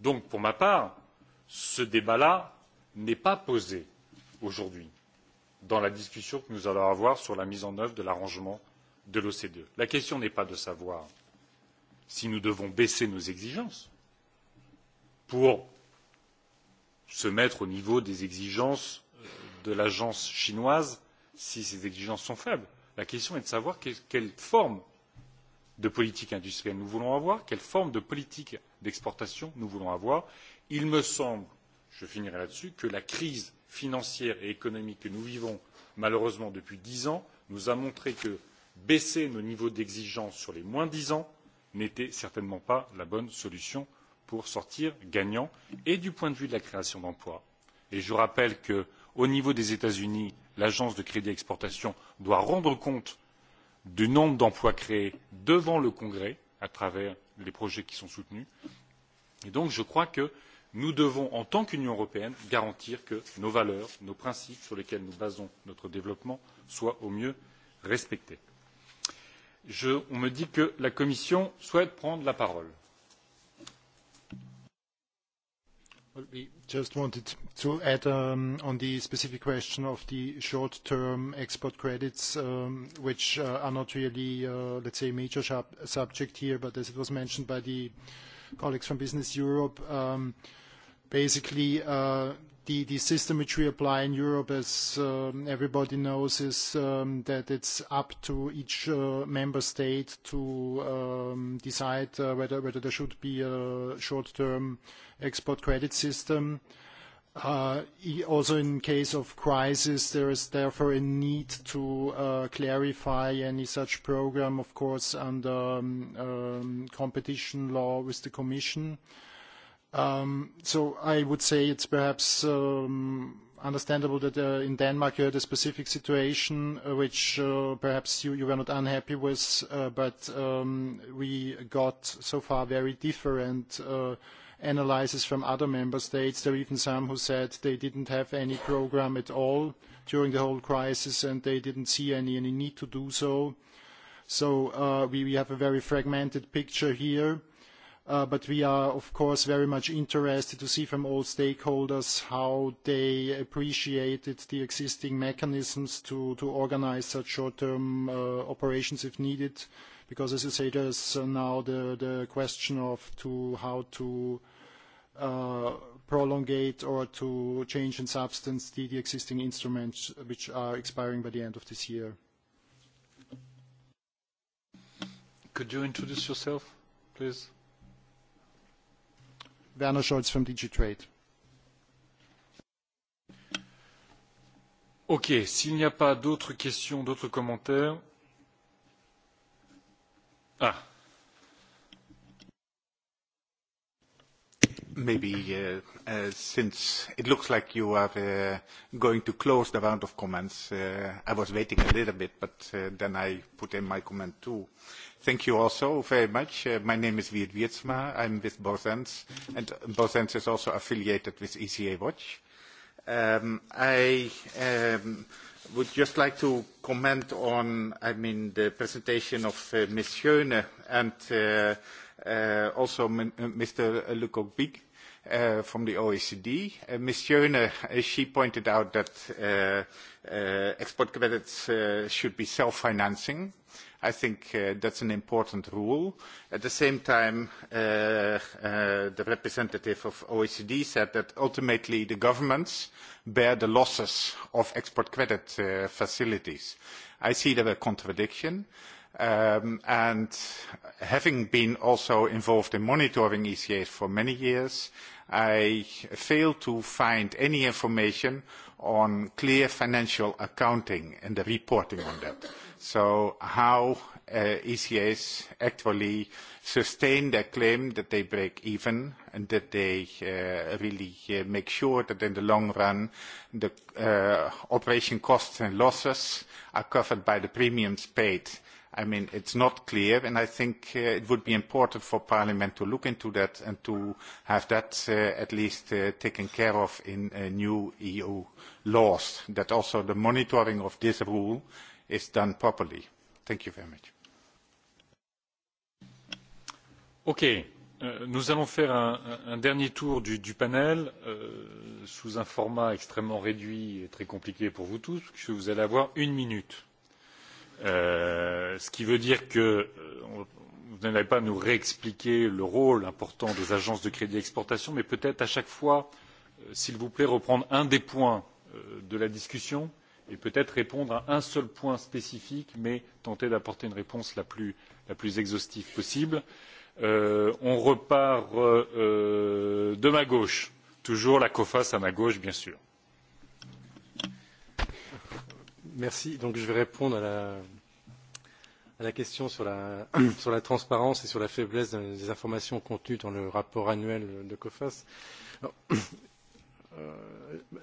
Donc, pour ma part, ce débat là n'est pas posé aujourd'hui dans la discussion que nous allons avoir sur la mise en œuvre de l'arrangement de l'OCDE. La question n'est pas de savoir si nous devons baisser nos exigences pour se mettre au niveau des exigences de l'agence chinoise si ces exigences sont faibles La question est de savoir quelle forme de politique industrielle nous voulons avoir, quelle forme de politique d'exportation nous voulons avoir. Il me semble, je finirai là-dessus, que la crise financière et économique que nous vivons malheureusement depuis dix ans nous a montré que baisser nos niveaux d'exigence sur les moins dix ans n'était certainement pas la bonne solution pour sortir gagnant et du point de vue de la création d'emplois. je rappelle que au niveau des états unis l'agence de crédit exportation doit rendre compte du nombre d'emplois créés devant le congrès à travers les projets qui sont soutenus et donc je crois que nous devons en tant qu'union européenne garantir que nos valeurs nos principes sur lesquels nous basons notre développement soient au mieux respectés. on me dit que la commission souhaite prendre la parole. We just wanted to add on the specific question of the short-term export credits, which are not really, let's say, a major subject here, but as it was mentioned by the colleagues from Business Europe, basically the, the system which we apply in Europe, as everybody knows, is that it's up to each uh, member state to decide whether, there should be a short-term export credit system. Uh, also, in case of crisis, there is therefore a need to uh, clarify any such program, of course, under competition law with the Commission. So I would say it's perhaps understandable that in Denmark you had a specific situation which perhaps you were not unhappy with, but we got so far very different analyses from other member states. There were even some who said they didn't have any program at all during the whole crisis, and they didn't see any need to do so. So we have a very fragmented picture here but we are, of course, very much interested to see from all stakeholders how they appreciated the existing mechanisms to organize such short-term operations if needed. Because as you say, there's now the question of how to prolongate or to change in substance the existing instruments which are expiring by the end of this year. Could you introduce yourself, please? Werner Scholz from DG Trade. Ok, s'il n'y a pas d'autres questions, d'autres commentaires. Ah, Maybe since it looks like you are going to close the round of comments, I was waiting a little bit, but then I put in my comment too. Thank you also very much. My name is Wiert Wiertsma. I'm with Bosens, and Bosens is also affiliated with ECA Watch. I would just like to comment on, I mean, the presentation of Ms. Schöne and also Mr. Lukovic from the OECD. Ms. Schöne, she pointed out that export credits should be self-financing. I think that's an important rule. At the same time, the representative of OECD said that ultimately the governments bear the losses of export credit facilities. I see there a contradiction and having been also involved in monitoring ECAs for many years, I failed to find any information on clear financial accounting and the reporting on that. So how ECAs actually sustain their claim that they break even and that they really make sure that in the long run, the operation costs and losses are covered by the premiums paid I mean, it's not clear, and I think it would be important for Parliament to look into that and to have that at least taken care of in new EU laws, that also the monitoring of this rule is done properly. Thank you very much. Okay. Nous allons faire un, dernier tour du, panel sous un format extrêmement réduit et très compliqué pour vous tous, puisque vous allez avoir une minute ce qui veut dire que vous n'allez pas nous réexpliquer le rôle important des agences de crédit exportation, mais peut-être à chaque fois, s'il vous plaît, reprendre un des points de la discussion et peut-être répondre à un seul point spécifique, mais tenter d'apporter une réponse la plus, exhaustive possible. on repart de ma gauche, toujours la COFAS à ma gauche, bien sûr. Merci. Donc, je vais répondre à la, à la question sur la, sur la transparence et sur la faiblesse des informations contenues dans le rapport annuel de COFAS. Alors,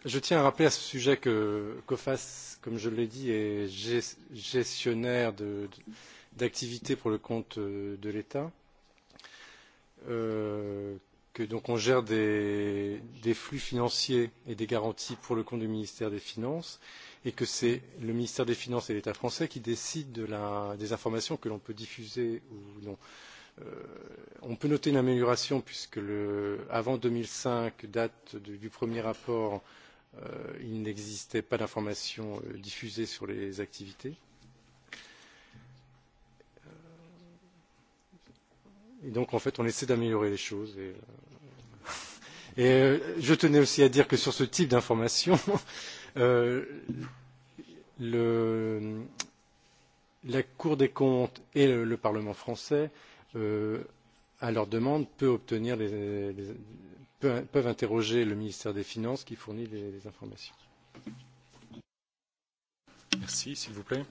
je tiens à rappeler à ce sujet que COFAS, comme je l'ai dit, est gestionnaire d'activités pour le compte de l'État. Euh, que donc on gère des, des flux financiers et des garanties pour le compte du ministère des Finances. Euh, et que c'est le ministère des Finances et l'État français qui décident des informations que l'on peut diffuser ou non. on peut noter une amélioration puisque le, avant 2005, date du premier rapport, il n'existait pas d'informations diffusées sur les activités. Et donc, en fait, on essaie d'améliorer les choses. Et, je tenais aussi à dire que sur ce type d'informations, la Cour des comptes et le, Parlement français, à leur demande, peuvent interroger le ministère des Finances qui fournit les, informations. Merci, s'il vous plaît.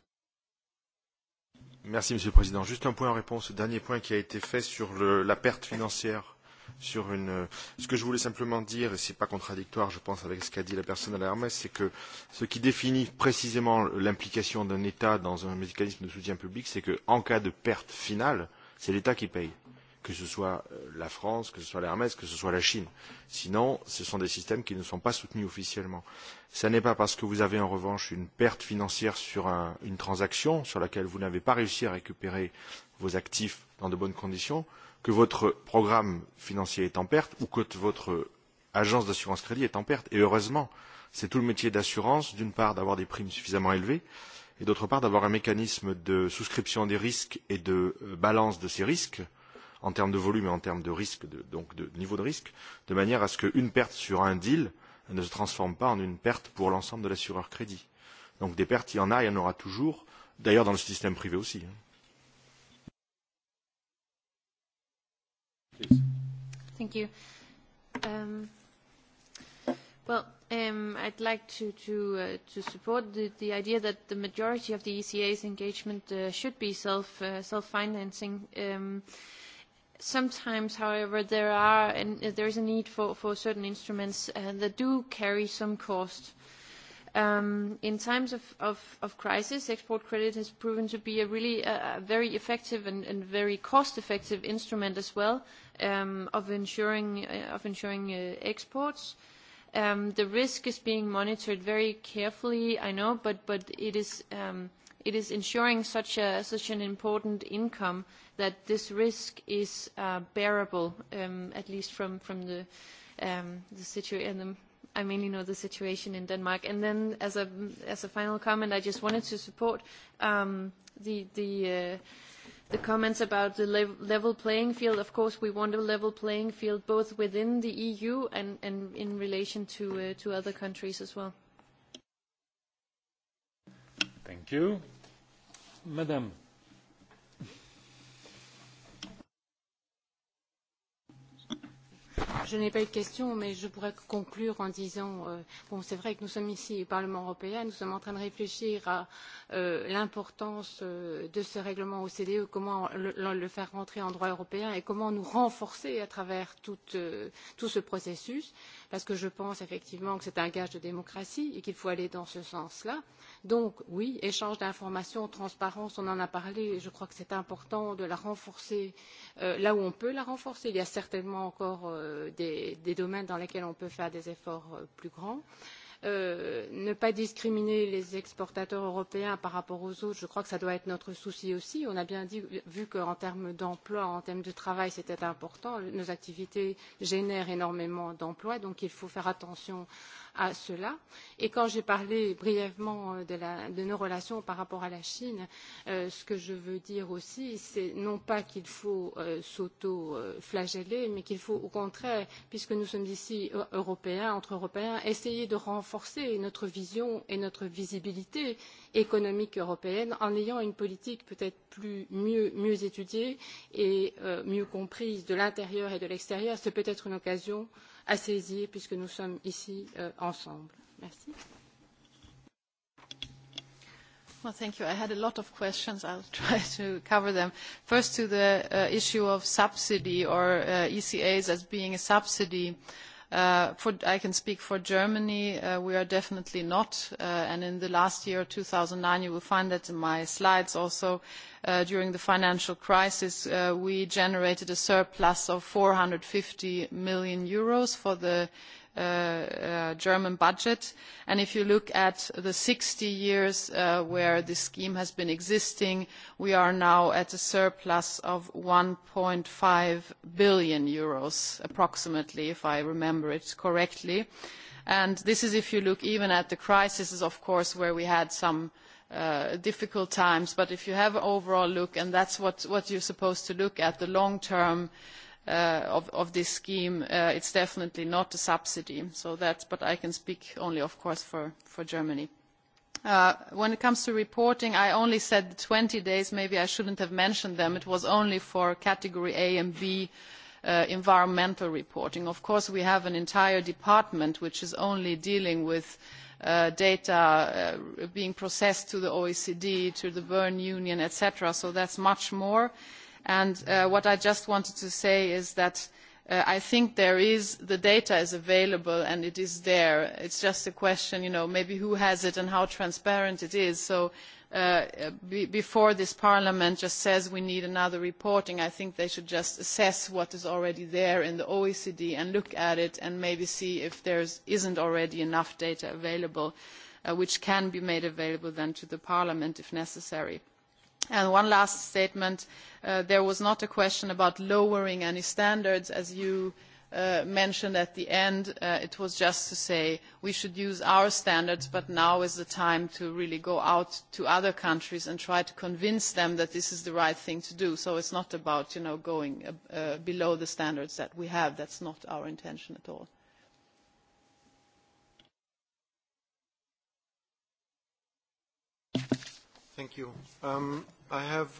Merci, Monsieur le Président. Juste un point en réponse au dernier point qui a été fait sur la perte financière sur une. Ce que je voulais simplement dire, et ce n'est pas contradictoire, je pense, avec ce qu'a dit la personne à l'Hermès, c'est que ce qui définit précisément l'implication d'un État dans un mécanisme de soutien public, c'est qu'en cas de perte finale, c'est l'État qui paye que ce soit la France, que ce soit l'Hermès, que ce soit la Chine. Sinon, ce sont des systèmes qui ne sont pas soutenus officiellement. Ce n'est pas parce que vous avez en revanche une perte financière sur une transaction sur laquelle vous n'avez pas réussi à récupérer vos actifs dans de bonnes conditions que votre programme financier est en perte ou que votre agence d'assurance crédit est en perte. Et heureusement, c'est tout le métier d'assurance, d'une part, d'avoir des primes suffisamment élevées, et d'autre part, d'avoir un mécanisme de souscription des risques et de balance de ces risques, en termes de volume et en termes de risque, de, donc de niveau de risque, de manière à ce qu'une perte sur un deal ne se transforme pas en une perte pour l'ensemble de l'assureur crédit. Donc des pertes, il y en a, il y en aura toujours, d'ailleurs dans le système privé aussi. Hein. Please. Thank you. well, I'd like to, support the, idea that the majority of the ECA's engagement should be self, financing sometimes, however, there, is a need for, certain instruments that do carry some cost. in times of, crisis, export credit has proven to be a really very effective and very cost-effective instrument as well, of ensuring exports. The risk is being monitored very carefully, I know, but it is ensuring such an important income that this risk is bearable, at least from the situation. I mainly know the situation in Denmark. And then as a final comment, I just wanted to support the the comments about the level playing field. Of course, we want a level playing field both within the EU and, and in relation to, uh, to other countries as well. Thank you. Madam je n'ai pas eu de question, mais je pourrais conclure en disant bon, c'est vrai que nous sommes ici au Parlement européen, nous sommes en train de réfléchir à l'importance de ce règlement OCDE, comment le, faire rentrer en droit européen et comment nous renforcer à travers tout, ce processus. Euh, parce que je pense effectivement que c'est un gage de démocratie et qu'il faut aller dans ce sens-là. Donc oui, échange d'informations, transparence, on en a parlé, et je crois que c'est important de la renforcer là où on peut la renforcer. Il y a certainement encore des, domaines dans lesquels on peut faire des efforts plus grands ne pas discriminer les exportateurs européens par rapport aux autres, je crois que ça doit être notre souci aussi. On a bien vu qu'en termes d'emploi, en termes de travail, c'était important, nos activités génèrent énormément d'emplois, donc il faut faire attention à à cela. Et quand j'ai parlé brièvement de, nos relations par rapport à la Chine, ce que je veux dire aussi, c'est non pas qu'il faut s'auto-flageller, mais qu'il faut au contraire, puisque nous sommes ici Européens, entre Européens, essayer de renforcer notre vision et notre visibilité économique européenne en ayant une politique peut-être plus mieux, étudiée et mieux comprise de l'intérieur et de l'extérieur. C'est peut-être une occasion euh, à saisir puisque nous sommes ici ensemble. Merci. Well, thank you. I had a lot of questions. I'll try to cover them. First, to the issue of subsidy or ECAs as being a subsidy. Uh, I can speak for Germany. We are definitely not. and In the last year, 2009, you will find that in my slides also, during the financial crisis, we generated a surplus of 450 million euros for the German budget. And if you look at the sixty years where this scheme has been existing, we are now at a surplus of EUR one five billion approximately, if I remember it correctly. And this is if you look even at the crises, of course, where we had some difficult times. But if you have an overall look, and that is what you are supposed to look at, the long-term of this scheme. It's definitely not a subsidy. So that's, but I can speak only, of course, for Germany. When it comes to reporting, I only said 20 days. Maybe I shouldn't have mentioned them. It was only for category A and B environmental reporting. Of course, we have an entire department which is only dealing with data being processed to the OECD, to the Berne Union, etc. So that's much more And what I just wanted to say is that I think there is, the data is available and it is there. It's just a question, you know, maybe who has it and how transparent it is. So before this parliament just says we need another reporting, I think they should just assess what is already there in the OECD and look at it and maybe see if there isn't already enough data available, which can be made available then to the parliament if necessary. One last statement. There was not a question about lowering any standards. As you mentioned at the end, it was just to say we should use our standards, but now is the time to really go out to other countries and try to convince them that this is the right thing to do. So It's not about going below the standards that we have. That's not our intention at all. Thank you. I have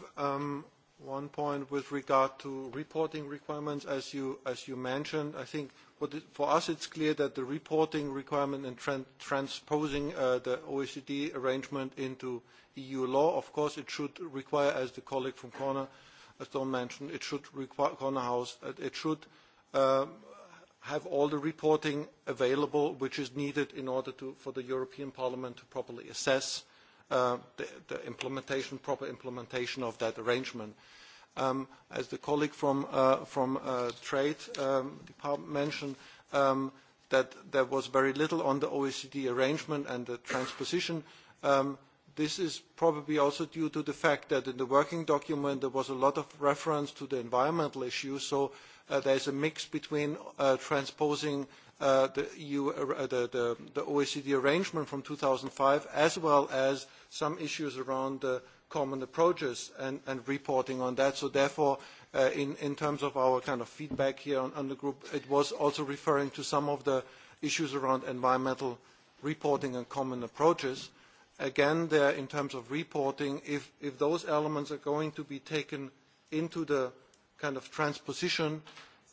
one point with regard to reporting requirements, as you as you mentioned. I think for us it's clear that the reporting requirement and transposing the OECD arrangement into EU law, of course, it should require, as the colleague from Corner, mentioned, it should require Corner House. It should have all the reporting available which is needed in order to, for the European Parliament to properly assess the, implementation, proper implementation of that arrangement. as the colleague from, the Trade Department mentioned, that there was very little on the OECD arrangement and the transposition. this is probably also due to the fact that in the working document there was a lot of reference to the environmental issues, so there is a mix between transposing the OECD arrangement from two thousand five, as well as some issues around common approaches and reporting on that. So therefore, in in terms of our kind of feedback here on the group, it was also referring to some of the issues around environmental reporting and common approaches. Again, there in terms of reporting, if if those elements are going to be taken into the kind of transposition,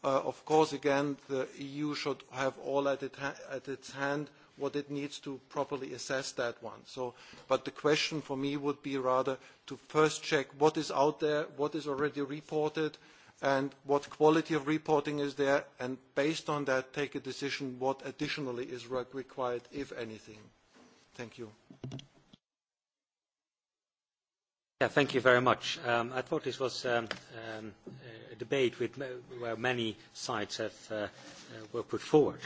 of course, again, the EU should have all at, its hand what it needs to properly assess that one. So, but the question for me would be rather to first check what is out there, what is already reported, and what quality of reporting is there, and based on that, take a decision what additionally is required, if anything. Thank you thank you very much. I thought this was a debate with, where many sides have, were put forward.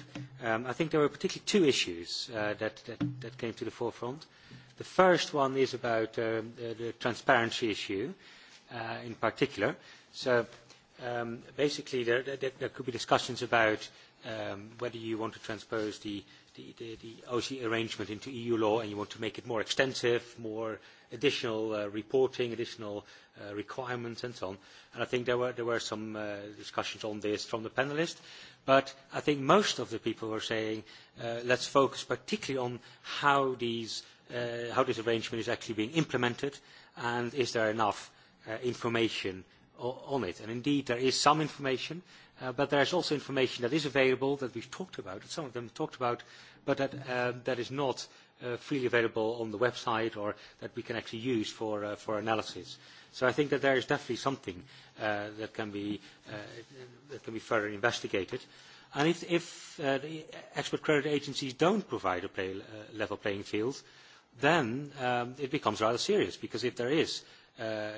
I think there were particularly two issues that, came to the forefront. The first one is about the, transparency issue in particular. So basically there, there, could be discussions about whether you want to transpose the, the, OC arrangement into EU law and you want to make it more extensive, more additional uh, reporting, additional uh, requirements and so on. And I think there were, there were some uh, discussions on this from the panelists. But I think most of the people were saying, uh, let's focus particularly on how, these, uh, how this arrangement is actually being implemented and is there enough uh, information on it. And indeed, there is some information, uh, but there is also information that is available that we've talked about, that some of them talked about, but that, uh, that is not freely available on the website or that we can actually use for, uh, for analysis. So I think that there is definitely something uh, that, can be, uh, that can be further investigated. And if, if uh, the expert credit agencies don't provide a play, uh, level playing field, then um, it becomes rather serious because if there is uh,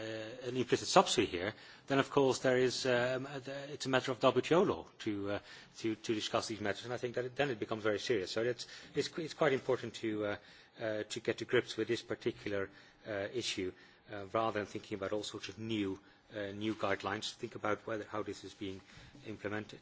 an implicit subsidy here, then of course there is, um, it's a matter of WTO law to, uh, to, to discuss these matters, and I think that then it becomes very serious. So it it's, it's quite important to, uh, uh, to get to grips with this particular uh, issue uh, rather than thinking about all sorts of new, uh, new guidelines. Think about whether, how this is being implemented.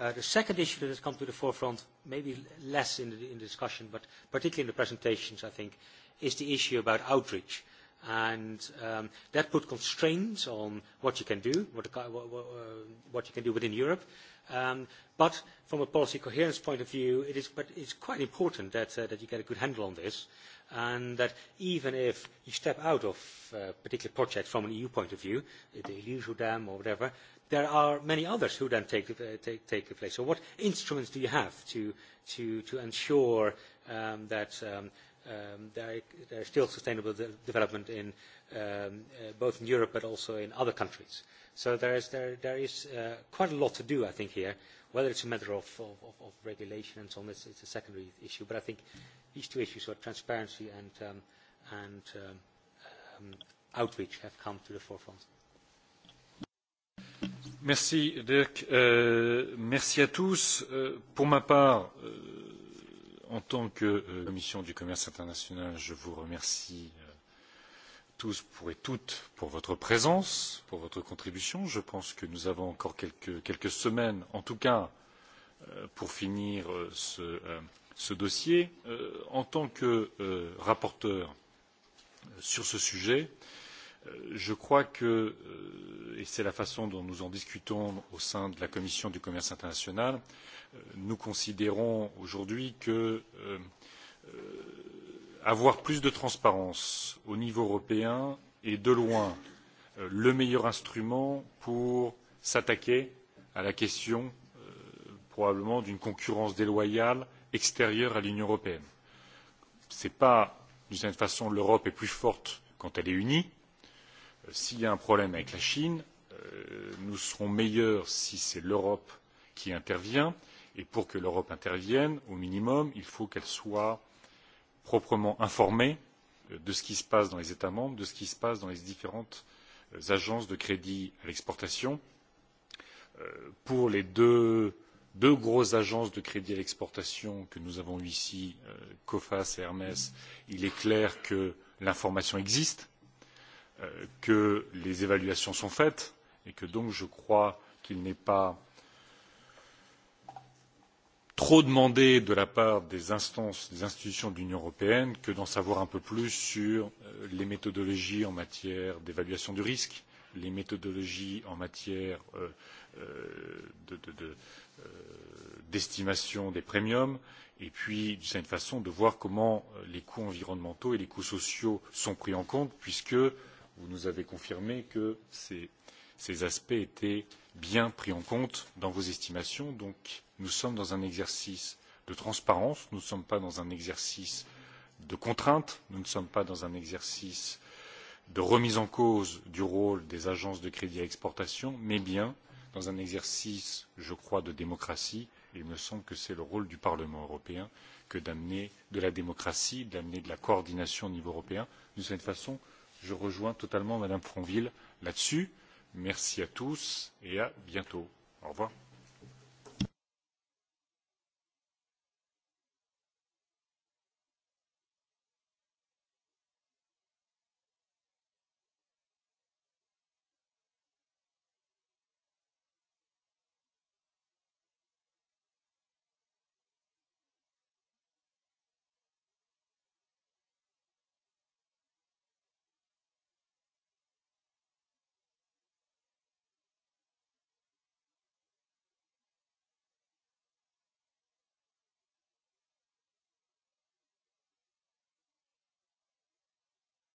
Uh, the second issue that has come to the forefront, maybe less in the, in the discussion, but particularly in the presentations, I think, is the issue about outreach and um, that put constraints on what you can do, what, what you can do within Europe. Um, but from a policy coherence point of view, it is, but it's quite important that, uh, that you get a good handle on this, and that even if you step out of a particular project from an EU point of view, the usual Dam or whatever, there are many others who then take, uh, take, take the place. So what instruments do you have to, to, to ensure um, that um, um, there, is still sustainable de development in um, uh, both in Europe but also in other countries. So there is, there, there is uh, quite a lot to do, I think, here. Whether it's a matter of, of, of, regulation and so on, it's, it's a secondary issue. But I think these two issues, are transparency and, um, and um, um, outreach, have come to the forefront. Merci Dirk. Euh, merci à tous. Euh, pour ma part, euh, en tant que commission du commerce international, je vous remercie tous pour et toutes pour votre présence, pour votre contribution. Je pense que nous avons encore quelques, semaines, en tout cas, pour finir ce, dossier. en tant que rapporteur sur ce sujet, je crois que et c'est la façon dont nous en discutons au sein de la commission du commerce international nous considérons aujourd'hui que avoir plus de transparence au niveau européen est de loin le meilleur instrument pour s'attaquer à la question probablement d'une concurrence déloyale extérieure à l'union européenne. ce n'est pas d'une certaine façon l'europe est plus forte quand elle est unie s'il y a un problème avec la Chine, nous serons meilleurs si c'est l'Europe qui intervient. Et pour que l'Europe intervienne, au minimum, il faut qu'elle soit proprement informée de ce qui se passe dans les États membres, de ce qui se passe dans les différentes agences de crédit à l'exportation. Pour les deux, grosses agences de crédit à l'exportation que nous avons eues ici, COFAS et Hermès, il est clair que l'information existe que les évaluations sont faites et que donc je crois qu'il n'est pas trop demandé de la part des instances des institutions de l'union européenne que d'en savoir un peu plus sur les méthodologies en matière d'évaluation du risque les méthodologies en matière d'estimation des premiums et puis d'une certaine façon de voir comment les coûts environnementaux et les coûts sociaux sont pris en compte puisque vous nous avez confirmé que ces, aspects étaient bien pris en compte dans vos estimations. Donc, nous sommes dans un exercice de transparence, nous ne sommes pas dans un exercice de contrainte, nous ne sommes pas dans un exercice de remise en cause du rôle des agences de crédit à exportation, mais bien dans un exercice, je crois, de démocratie. et Il me semble que c'est le rôle du Parlement européen que d'amener de la démocratie, d'amener de la coordination au niveau européen. D'une certaine façon, je rejoins totalement mme frontville là dessus. merci à tous et à bientôt. au revoir.